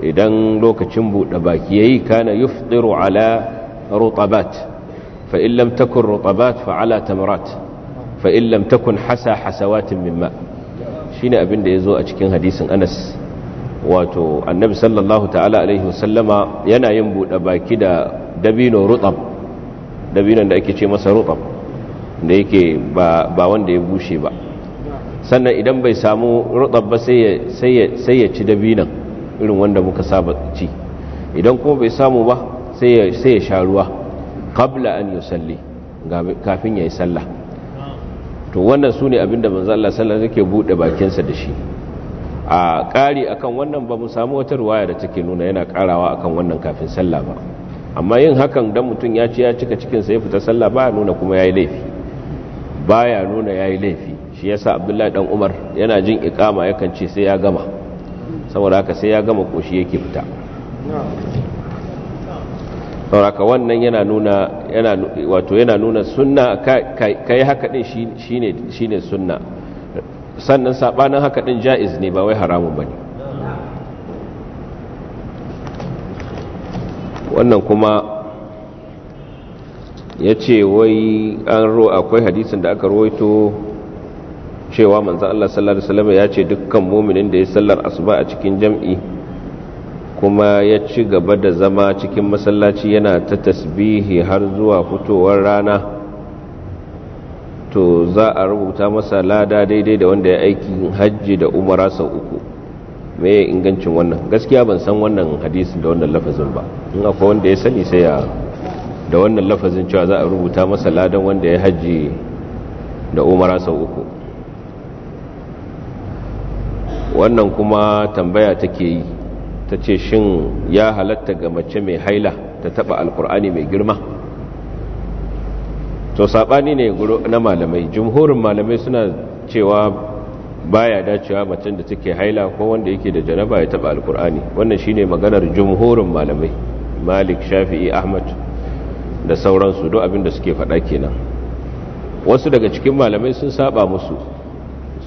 idan lokacin buɗe baki yayi kana yufdiru ala rutabat fa in lam takun rutabat fa ala tamrat fa in lam takun hasa hasawatin mimma shine abin da yazo a cikin hadisin Anas wato annabi sallallahu ta'ala alaihi wasallama yana yin buɗe baki da dabino rutab dabinon da ake ce masa rutab da yake ba wanda ya bushe ba sannan idan bai samu rutab ba sai ya ci dabinon irin wanda muka saba ci idan kuma bai samu ba sai ya sha ruwa qabla an yusalli kafin yayi sallah to wannan sune abinda manzo Allah sallallahu alaihi wasallam yake bude bakinsa da shi a ƙari akan wannan ba mu samu wata ruwaya da take nuna yana ƙarawa akan wannan kafin sallah ba amma yin hakan dan mutum ya ci ya cika cikin sa ya fita sallah ba nuna kuma yayi laifi baya nuna yayi laifi shi yasa Abdullahi dan Umar yana jin ikama yakan ce sai ya gama saboda haka sai ya gama koshi yake fita haka wannan yana nuna yana wato yana nuna sunna kai haka din shine shine sunna sannan sabanin haka din jaiz ne ba wai haramun bane wannan kuma ya ce wai an ro akwai hadisin da aka rawaito cewa manzan Allah sallallahu Alaihi wasallam ya ce dukkan muminin da ya sallar asuba a cikin jam'i kuma ya ci gaba da zama cikin masallaci yana ta tasbihi har zuwa fitowar rana to za a rubuta masa lada daidai da wanda ya aikin hajji da umara sau uku me ingancin wannan gaskiya ban san wannan hadisin da wannan lafazin ba in akwai wanda ya sani sai ya da wannan lafazin cewa za a rubuta masa ladan wanda ya hajji da umara sau uku wannan kuma tambaya take yi ta ce shin ya halatta ga mace mai haila ta taba alkur'ani mai girma to sabani ne na malamai jumhurin malamai suna cewa baya dacewa macen da take haila ko wanda yake da janaba ya taba alkur'ani wannan shine maganar jumhurin malamai malik shafi'i ahmad da sauransu duk abin da suke faɗa kenan wasu daga cikin malamai sun saba musu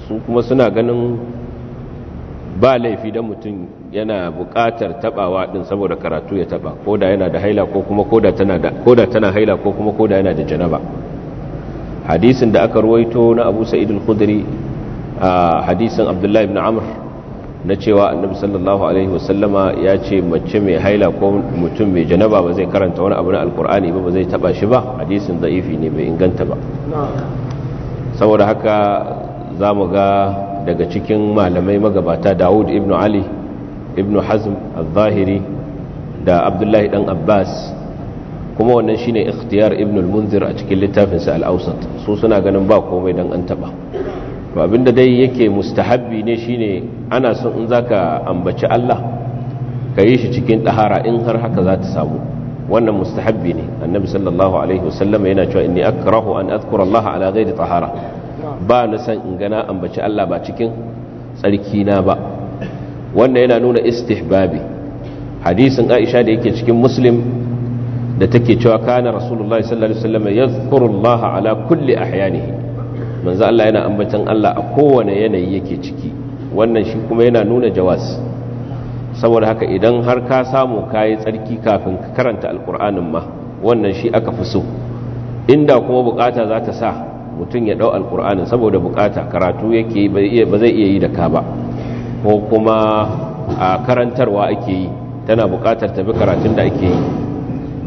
su kuma suna ganin ba laifi dan mutum yana buƙatar tabawa din saboda karatu ya taba koda yana da haila ko kuma koda tana da tana haila ko kuma koda yana da janaba hadisin da aka ruwaito na Abu Sa'id al-Khudri a hadisin abdullahi ibn Amr na cewa Annabi sallallahu alaihi wasallama ya ce mace mai haila ko mutum mai janaba ba zai karanta wani abu na alkur'ani ba ba zai taba shi ba hadisin za'ifi ne bai inganta ba saboda haka za mu ga daga cikin malamai magabata Dawud ibn Ali ibn Hazm al-Zahiri da Abdullahi dan Abbas kuma wannan shine ikhtiyar ibn al-Munzir a cikin littafinsa al-Awsat su suna ganin ba komai dan an taba to abinda dai yake mustahabbi ne shine ana son in zaka ambaci Allah ka yi shi cikin ɗahara in har haka za ta samu wannan mustahabbi ne annabi sallallahu alaihi wasallam yana cewa inni akrahu an adhkura Allah ala ghairi tahara ba na san in gana ambaci Allah ba cikin tsarki na ba Wannan yana nuna istihbabi hadisin Aisha da yake cikin Muslim da take cewa kana Rasulullahi sallallahu alaihi wasallam yadhkurullaha ala kulli ahyanihi manzo Allah yana ambatan Allah a kowane yanayi yake ciki wannan shi kuma yana nuna jawaz saboda haka idan har ka samu kai tsarki kafin ka karanta alqur'anin ma wannan shi aka fi so inda kuma bukata za ta sa mutum ya ɗau Alkur'ani saboda buƙata karatu yake ba zai iya yi da ka ba ko kuma a karantarwa ake yi tana buƙatar tafi karatun da ake yi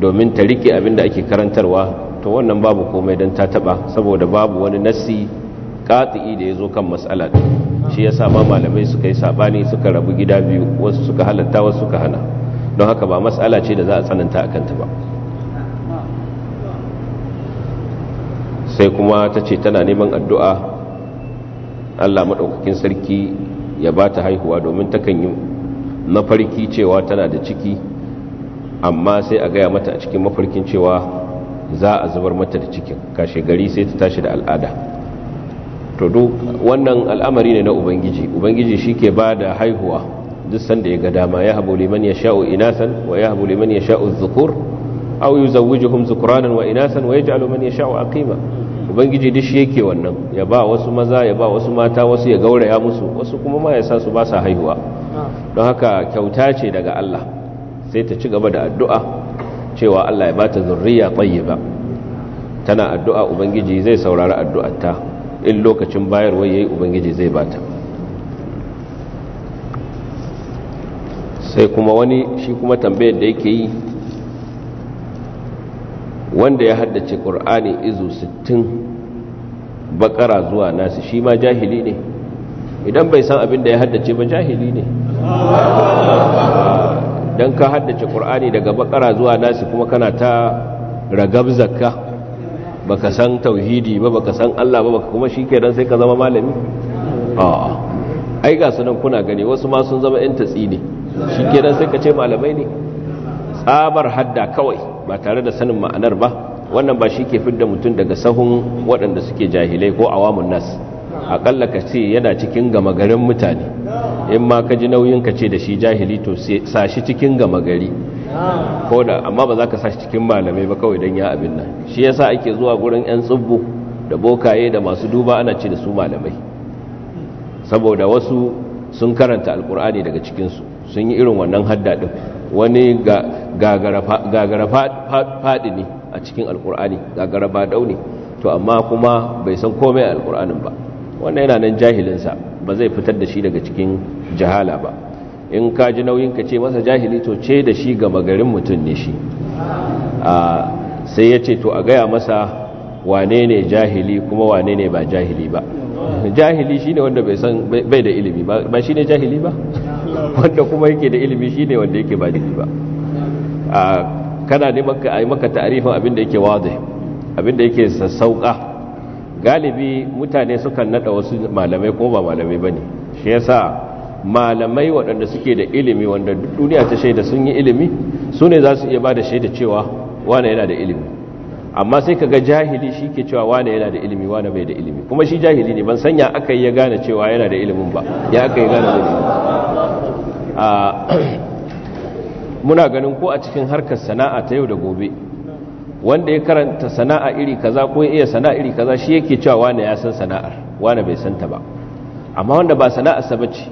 domin ta rike abin da ake karantarwa to wannan babu komai don ta taɓa saboda babu wani nassi katsi da ya zo kan matsala shi ya ma malamai suka yi saɓani suka rabu gida biyu wasu suka halatta wasu suka hana don haka ba matsala ce da za a tsananta a kanta ba sai kuma ta ce tana neman addu'a allah maɗaukakin sarki ya ba ta haihuwa domin takan yi mafarki cewa tana da ciki amma sai a gaya mata a cikin mafarkin cewa za a zubar mata da cikin kashe gari sai ta tashi da al'ada to duk wannan al'amari ne na ubangiji ubangiji shi ke ba da haihuwa duk sanda ya ga dama ya habu liman ya sha'o inasan wa ya habu liman ya sha'u zukur aw yuzawwijuhum zukranan wa inasan wa yaj'alu man yasha'u aqima ubangiji duk shi yake wannan ya ba wasu maza ya ba wasu mata wasu ya gauraya musu wasu kuma ma ya sa su ba sa haihuwa don haka kyauta ce daga Allah sai ta ci gaba da addu'a cewa Allah ya bata zurriya tayyiba tana addu'a ubangiji zai saurari addu'arta in lokacin bayarwa yayi ubangiji zai bata sai kuma wani shi kuma tambayar da yake yi wanda ya haddace ƙur'ani izu sittin bakara zuwa nasu shi ma jahili ne idan bai san abin da ya haddace ba jahili ne don ka haddace ƙur'ani daga bakara zuwa nasu kuma kana ta ragab ba ka san tauhidi ba ba ka san Allah ba ba kuma shi kenan sai ka zama malami ai ga sunan kuna gani wasu ma sun zama 'yan tatsi ne shi kenan sai ka ce malamai ne tsabar hadda kawai ba tare da sanin ma'anar ba wannan ba shi ke fidda mutum daga sahun waɗanda suke jahilai ko awamun nas aƙalla ka ce yana cikin gama garin mutane in ma ka ji nauyin ka ce da shi jahili to sa shi cikin gama gari ko da amma ba za ka sa shi cikin malamai ba kawai don ya abin nan shi yasa ake zuwa gurin 'yan tsubbu da bokaye da masu duba ana ce da su malamai saboda wasu sun karanta alkur'ani daga cikinsu sun yi irin wannan hadda wani gagara faɗi ne a cikin Alƙur'ani, gagara ba ne, to amma kuma bai san komai a alkur'anin ba wannan yana nan jahilinsa ba zai fitar da shi daga cikin jahala ba in ka ji nauyin ka ce masa jahili to ce da shi gama garin mutum ne shi sai ya ce to a gaya masa wane ne jahili kuma wane ne ba jahili ba jahili shi ne wanda bai da ilimi ba shi ne jahili ba wanda kuma yake da ilimi shi ne wanda yake ba jiki ba kana neman ka yi maka ta'arifin abin da yake wadai abin da yake sassauka galibi mutane sukan nada wasu malamai ko ba malamai ba ne shi yasa malamai waɗanda suke da ilimi wanda duniya ta shaida sun yi ilimi su ne za su iya ba da shaida cewa wane yana da ilimi amma sai ka ga jahili shi ke cewa wane yana da ilimi wane bai da ilimi kuma shi jahili ne ban sanya aka yi ya gane cewa yana da ilimin ba ya aka yi gane da ilimi muna ganin ko a cikin harkar sana'a ta yau da gobe wanda ya karanta sana'a iri kaza ko ya iya sana'a iri kaza shi yake cewa wane ya san sana'ar wane bai santa ba amma wanda ba sana'ar sa bace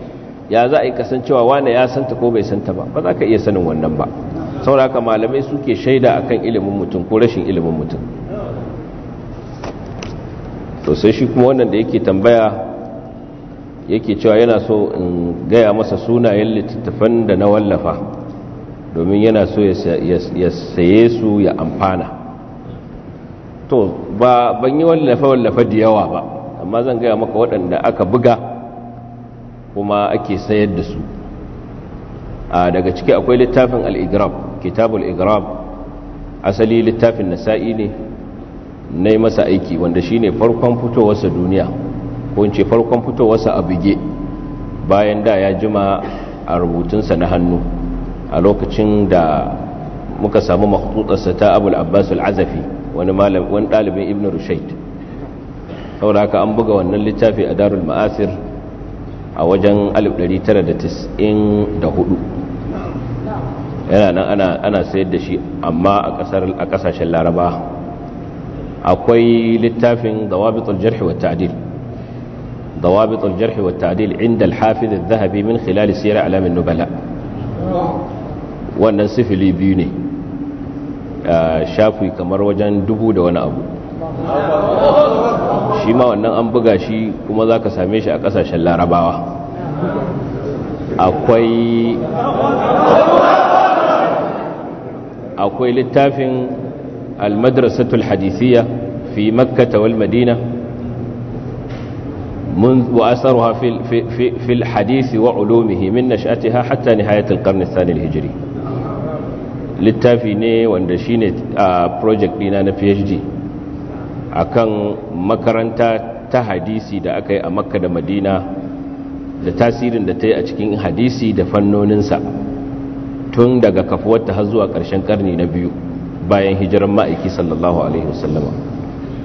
ya za a yi kasancewa wane ya santa ko bai santa ba ba za ka iya sanin wannan ba saboda haka malamai suke shaida akan ilimin mutum ko rashin ilimin mutum to shi kuma wannan da yake tambaya yake cewa yana so in gaya masa sunayen littattafan da na wallafa domin yana so ya saye su ya amfana to ba ban yi wallafa-wallafa da yawa ba amma zan gaya maka waɗanda aka buga kuma ake sayar da su a daga ciki akwai littafin al'igrab kitabul igrab asali littafin nasa'i ne na yi masa aiki wanda shi ne farkon fitowarsa duniya ko farkon fitowarsa a bige bayan da ya jima a rubutunsa na hannu a lokacin da muka samu makhtutarsa ta abul abbas al-azafi wani ɗalibin ibn rushaid saboda haka an buga wannan littafi a darul ma'asir a wajen 1994 yana nan ana sayar da shi amma a kasashen laraba akwai littafin dawabitul jarhi wa ta'dil ضوابط الجرح والتعديل عند الحافظ الذهبي من خلال سير أعلام النبلاء wannan sifili biyu ne shafi kamar wajen dubu da wani abu shi ma wannan an buga shi kuma za ka same shi a kasashen larabawa akwai akwai littafin almadrasatul hadisiyya fi makka wal madina وأثرها في, في, في, في الحديث وعلومه من نشأتها حتى نهاية القرن الثاني الهجري littafi ne wanda shi ne a project dina na phd akan makaranta ta hadisi da aka yi a makka da madina da tasirin da ta yi a cikin hadisi da fannoninsa tun daga kafuwarta har zuwa ƙarshen ƙarni na biyu bayan hijiran ma'aiki sallallahu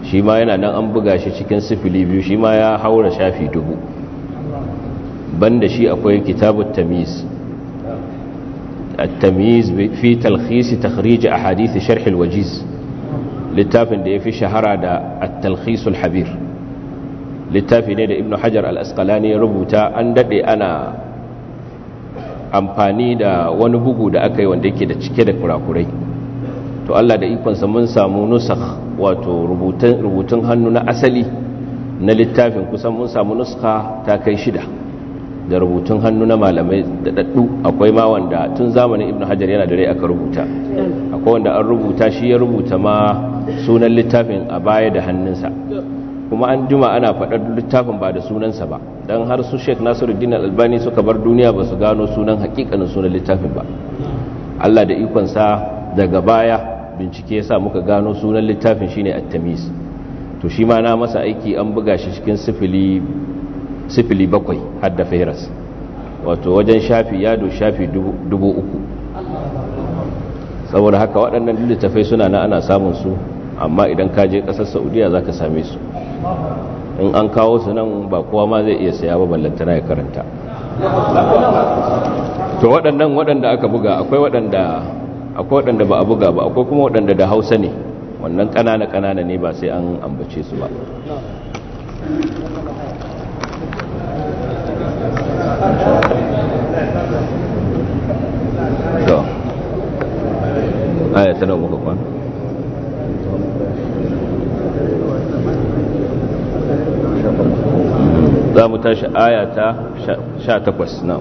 shi ma yana nan an buga shi cikin sifili biyu shi ma ya haura shafi dubu banda shi akwai kitabut tamiz التمييز في تلخيص a hadithi شرح الوجيز littafin da ya fi shahara da a talkhisul habir littafi ne da ibnu hajar al-asqalani ya rubuta an dade ana amfani da wani bugu da aka yi wanda yake da cike da kurakurai to Allah da ikonsa mun samu nusak. wato rubutun hannu na asali na littafin kusan mun samu nuska ta kai shida da rubutun hannu na malamai da daddu akwai ma wanda tun zamanin Ibn hajar yana da rai aka rubuta akwai wanda an rubuta shi ya rubuta ma sunan littafin a baya da hannunsa kuma an juma ana faɗar littafin ba da sunansa ba don har su Nasiru nasiruddin albani suka bar duniya ba su gano sunan hakikanin sunan littafin ba allah da ikonsa daga baya bincike ya sa muka gano sunan littafin shine at-tamis to shi ma na masa aiki an buga shi cikin sifili bakwai hadda da wato wajen shafi yado shafi dubu uku saboda haka waɗannan littafai suna na ana samun su amma idan ka je ƙasar saudiya za ka same su in an kawo su nan ba kowa ma zai iya saya ba na ya karanta to waɗannan waɗanda aka buga akwai waɗanda akwai waɗanda ba a buga ba akwai kuma waɗanda da hausa ne wannan ƙanana ƙanana ne ba sai an ambace su ba aya ta muka kwan za mu tashi aya ta 18 na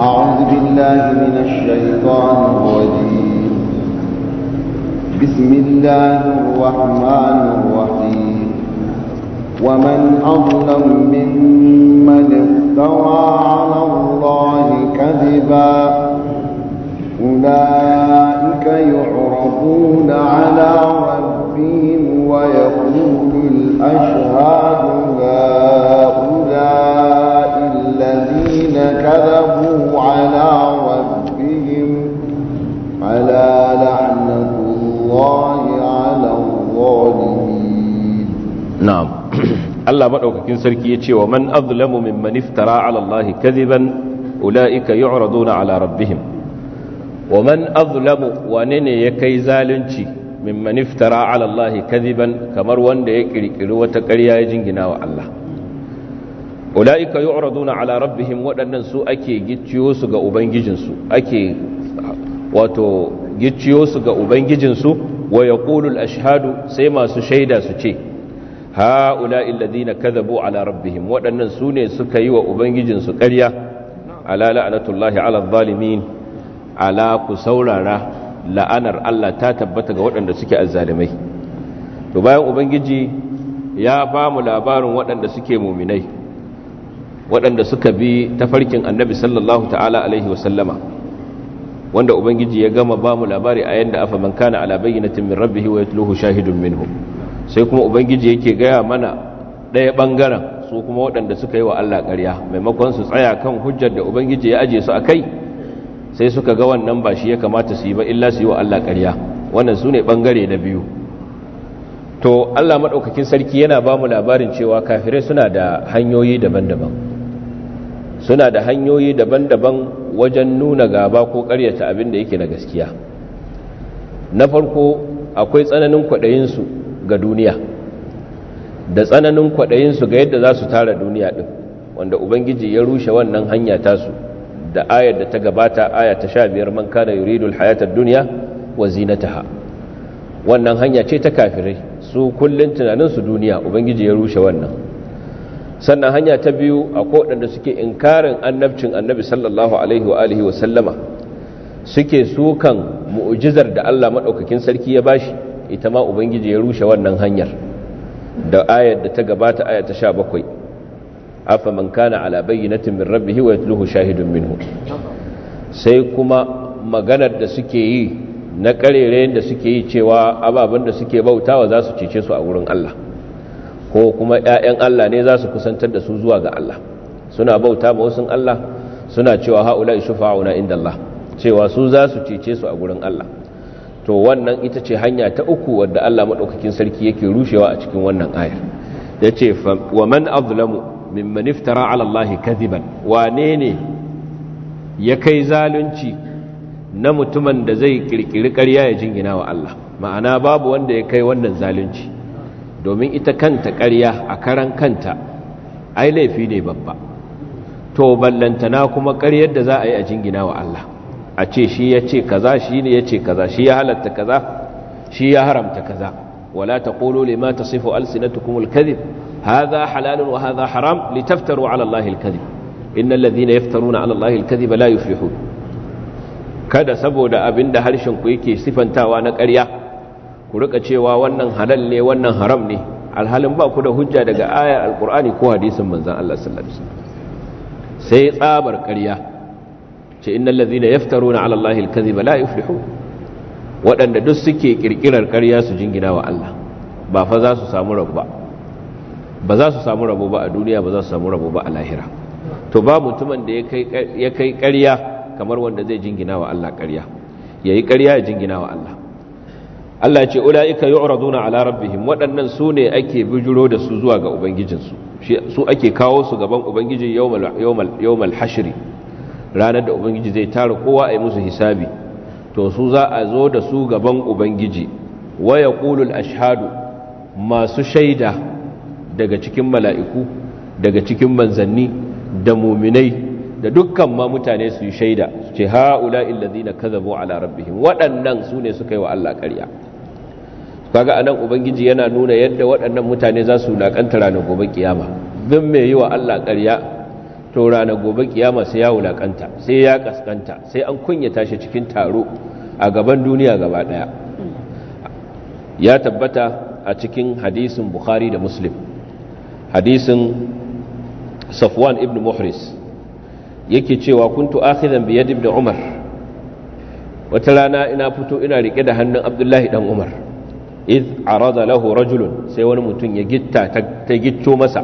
أعوذ بالله من الشيطان الرجيم بسم الله الرحمن الرحيم ومن أظلم ممن افترى على الله كذبا أولئك يعرضون على ربهم ويقول الأشهاد هؤلاء الذين كذبوا على ربهم على لعنة الله على الظالمين نعم الله بدوك كين سركي يچي ومن اظلم ممن افترى على الله كذبا اولئك يعرضون على ربهم ومن اظلم ونن يكاي زالنتي ممن افترى على الله كذبا كمر وند يكركر وتكريا يجنوا الله ula'ika yu'raduna ala rabbihim waɗannan su ake gicciyo su ga ubangijinsu ake wato gicciyo su ga ubangijinsu wa yaqulu al-ashhadu sai masu shaida su ce ha'ula'i alladhina kadhabu ala rabbihim waɗannan su ne suka yi wa ubangijinsu ƙarya ala la'natullahi ala adh ala ku saurara la'anar Allah ta tabbata ga waɗanda suke azzalimai to bayan ubangiji ya ba mu labarin waɗanda suke muminai waɗanda suka bi tafarkin annabi sallallahu ta'ala alaihi wasallama wanda ubangiji ya gama ba mu labari a yadda afa man kana ala bayyinatin min rabbihi wa yatluhu shahidun minhu sai kuma ubangiji yake gaya mana ɗaya bangaren su kuma waɗanda suka yi wa Allah ƙarya maimakon su tsaya kan hujjar da ubangiji ya aje su a kai sai suka ga wannan ba shi ya kamata su yi ba illa su yi wa Allah ƙarya wannan su ne ɓangare na biyu to Allah maɗaukakin sarki yana ba mu labarin cewa kafirai suna da hanyoyi daban-daban suna da hanyoyi daban-daban wajen nuna gaba ko karyata abin da yake na gaskiya na farko akwai tsananin kwaɗayinsu ga duniya da tsananin kwaɗayinsu ga yadda za su tara duniya ɗin wanda ubangiji ya rushe wannan hanya tasu da ayar da ta gabata aya ta sha biyar man kana yuridul hayatar duniya wa zinataha wannan hanya ce ta kafirai su kullum tunaninsu duniya ubangiji ya rushe wannan sannan hanya ta biyu a kowaɗanda suke inkarin annabcin annabi sallallahu alaihi wa alihi wa sallama suke sukan mu'ujizar da Allah maɗaukakin sarki ya bashi ita ma ubangiji ya rushe wannan hanyar da ayar da ta gabata ayar ta bakwai, afa man kana ala bayyinatin min rabbih wa yatluhu shahidun minhu sai kuma maganar da suke yi na karerayen da suke yi cewa ababen da suke bautawa za su cece su a wurin Allah ko kuma ‘ya'yan Allah ne za su kusantar da su zuwa ga Allah suna bauta ma wasu Allah suna cewa ha'ula shufa'una inda Allah cewa su za su cece su a gurin Allah to wannan ita ce hanya ta uku wadda Allah maɗaukakin sarki yake rushewa a cikin wannan ayar ya ce wa man azlamu mimman iftara ala Allah kadhiban wane ne ya kai zalunci na mutumin da zai kirkiri ƙarya ya jingina wa Allah ma'ana babu wanda ya kai wannan zalunci domin ita kanta ƙarya a karan kanta ai laifi ne babba to ballantana kuma ƙaryar da za a yi a jingina wa Allah a ce shi ya ce kaza shi ne ya ce kaza shi ya halatta kaza shi ya haramta kaza wala taqulu lima tasifu alsinatukum alkadhib hadha halalun wa hadha haram litaftaru ala Allah alkadhib innal ladhina yaftaruna ala Allah alkadhiba la yuflihun kada saboda abinda harshen ku yake sifantawa na ƙarya ku rika cewa wannan halal ne wannan haram ne alhalin ba ku da hujja daga ayar alkur'ani ko hadisin manzan Allah sallallahu alaihi wasallam sai tsabar ƙarya ce innal ladhina yaftaruna ala allahi alkadhiba la yuflihu waɗanda duk suke kirkirar ƙarya su jingina wa Allah ba fa za su samu rabo ba ba za su samu rabo ba a duniya ba za su samu rabo ba a lahira to ba mutumin da ya kai ƙarya kamar wanda zai jingina wa Allah ƙarya yayi ƙarya ya jingina wa Allah Allah ce ula'ika yu'raduna ala rabbihim waɗannan su ne ake bijiro da su zuwa ga ubangijinsu su ake kawo su gaban ubangiji yawmal hashri ranar da ubangiji zai tara kowa ayi musu hisabi to su za a zo da su gaban ubangiji wa yaqulul ashhadu masu shaida daga cikin mala'iku daga cikin manzanni da muminai da dukkan ma mutane su yi shaida su ce ha'ula illazina kadhabu ala rabbihim waɗannan su ne suka yi wa Allah ƙarya kaga anan ubangiji yana nuna yadda waɗannan mutane za su wulaƙanta ranar gobe kiyama don mai yi wa Allah ƙarya to ranar gobe kiyama sai ya wulaƙanta sai ya ƙasƙanta sai an kunyata shi cikin taro a gaban duniya gaba ɗaya ya tabbata a cikin hadisin bukhari da muslim hadisin safwan ibn muhris yake cewa kuntu akhidan bi da umar wata rana ina fito ina rike da hannun abdullahi dan umar إذ عرض له رجل سيوان متن يجت تجت مسا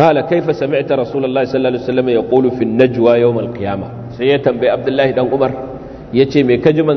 قال كيف سمعت رسول الله صلى الله عليه وسلم يقول في النجوى يوم القيامة سيتم بأبد الله دان عمر يتي ميكجمن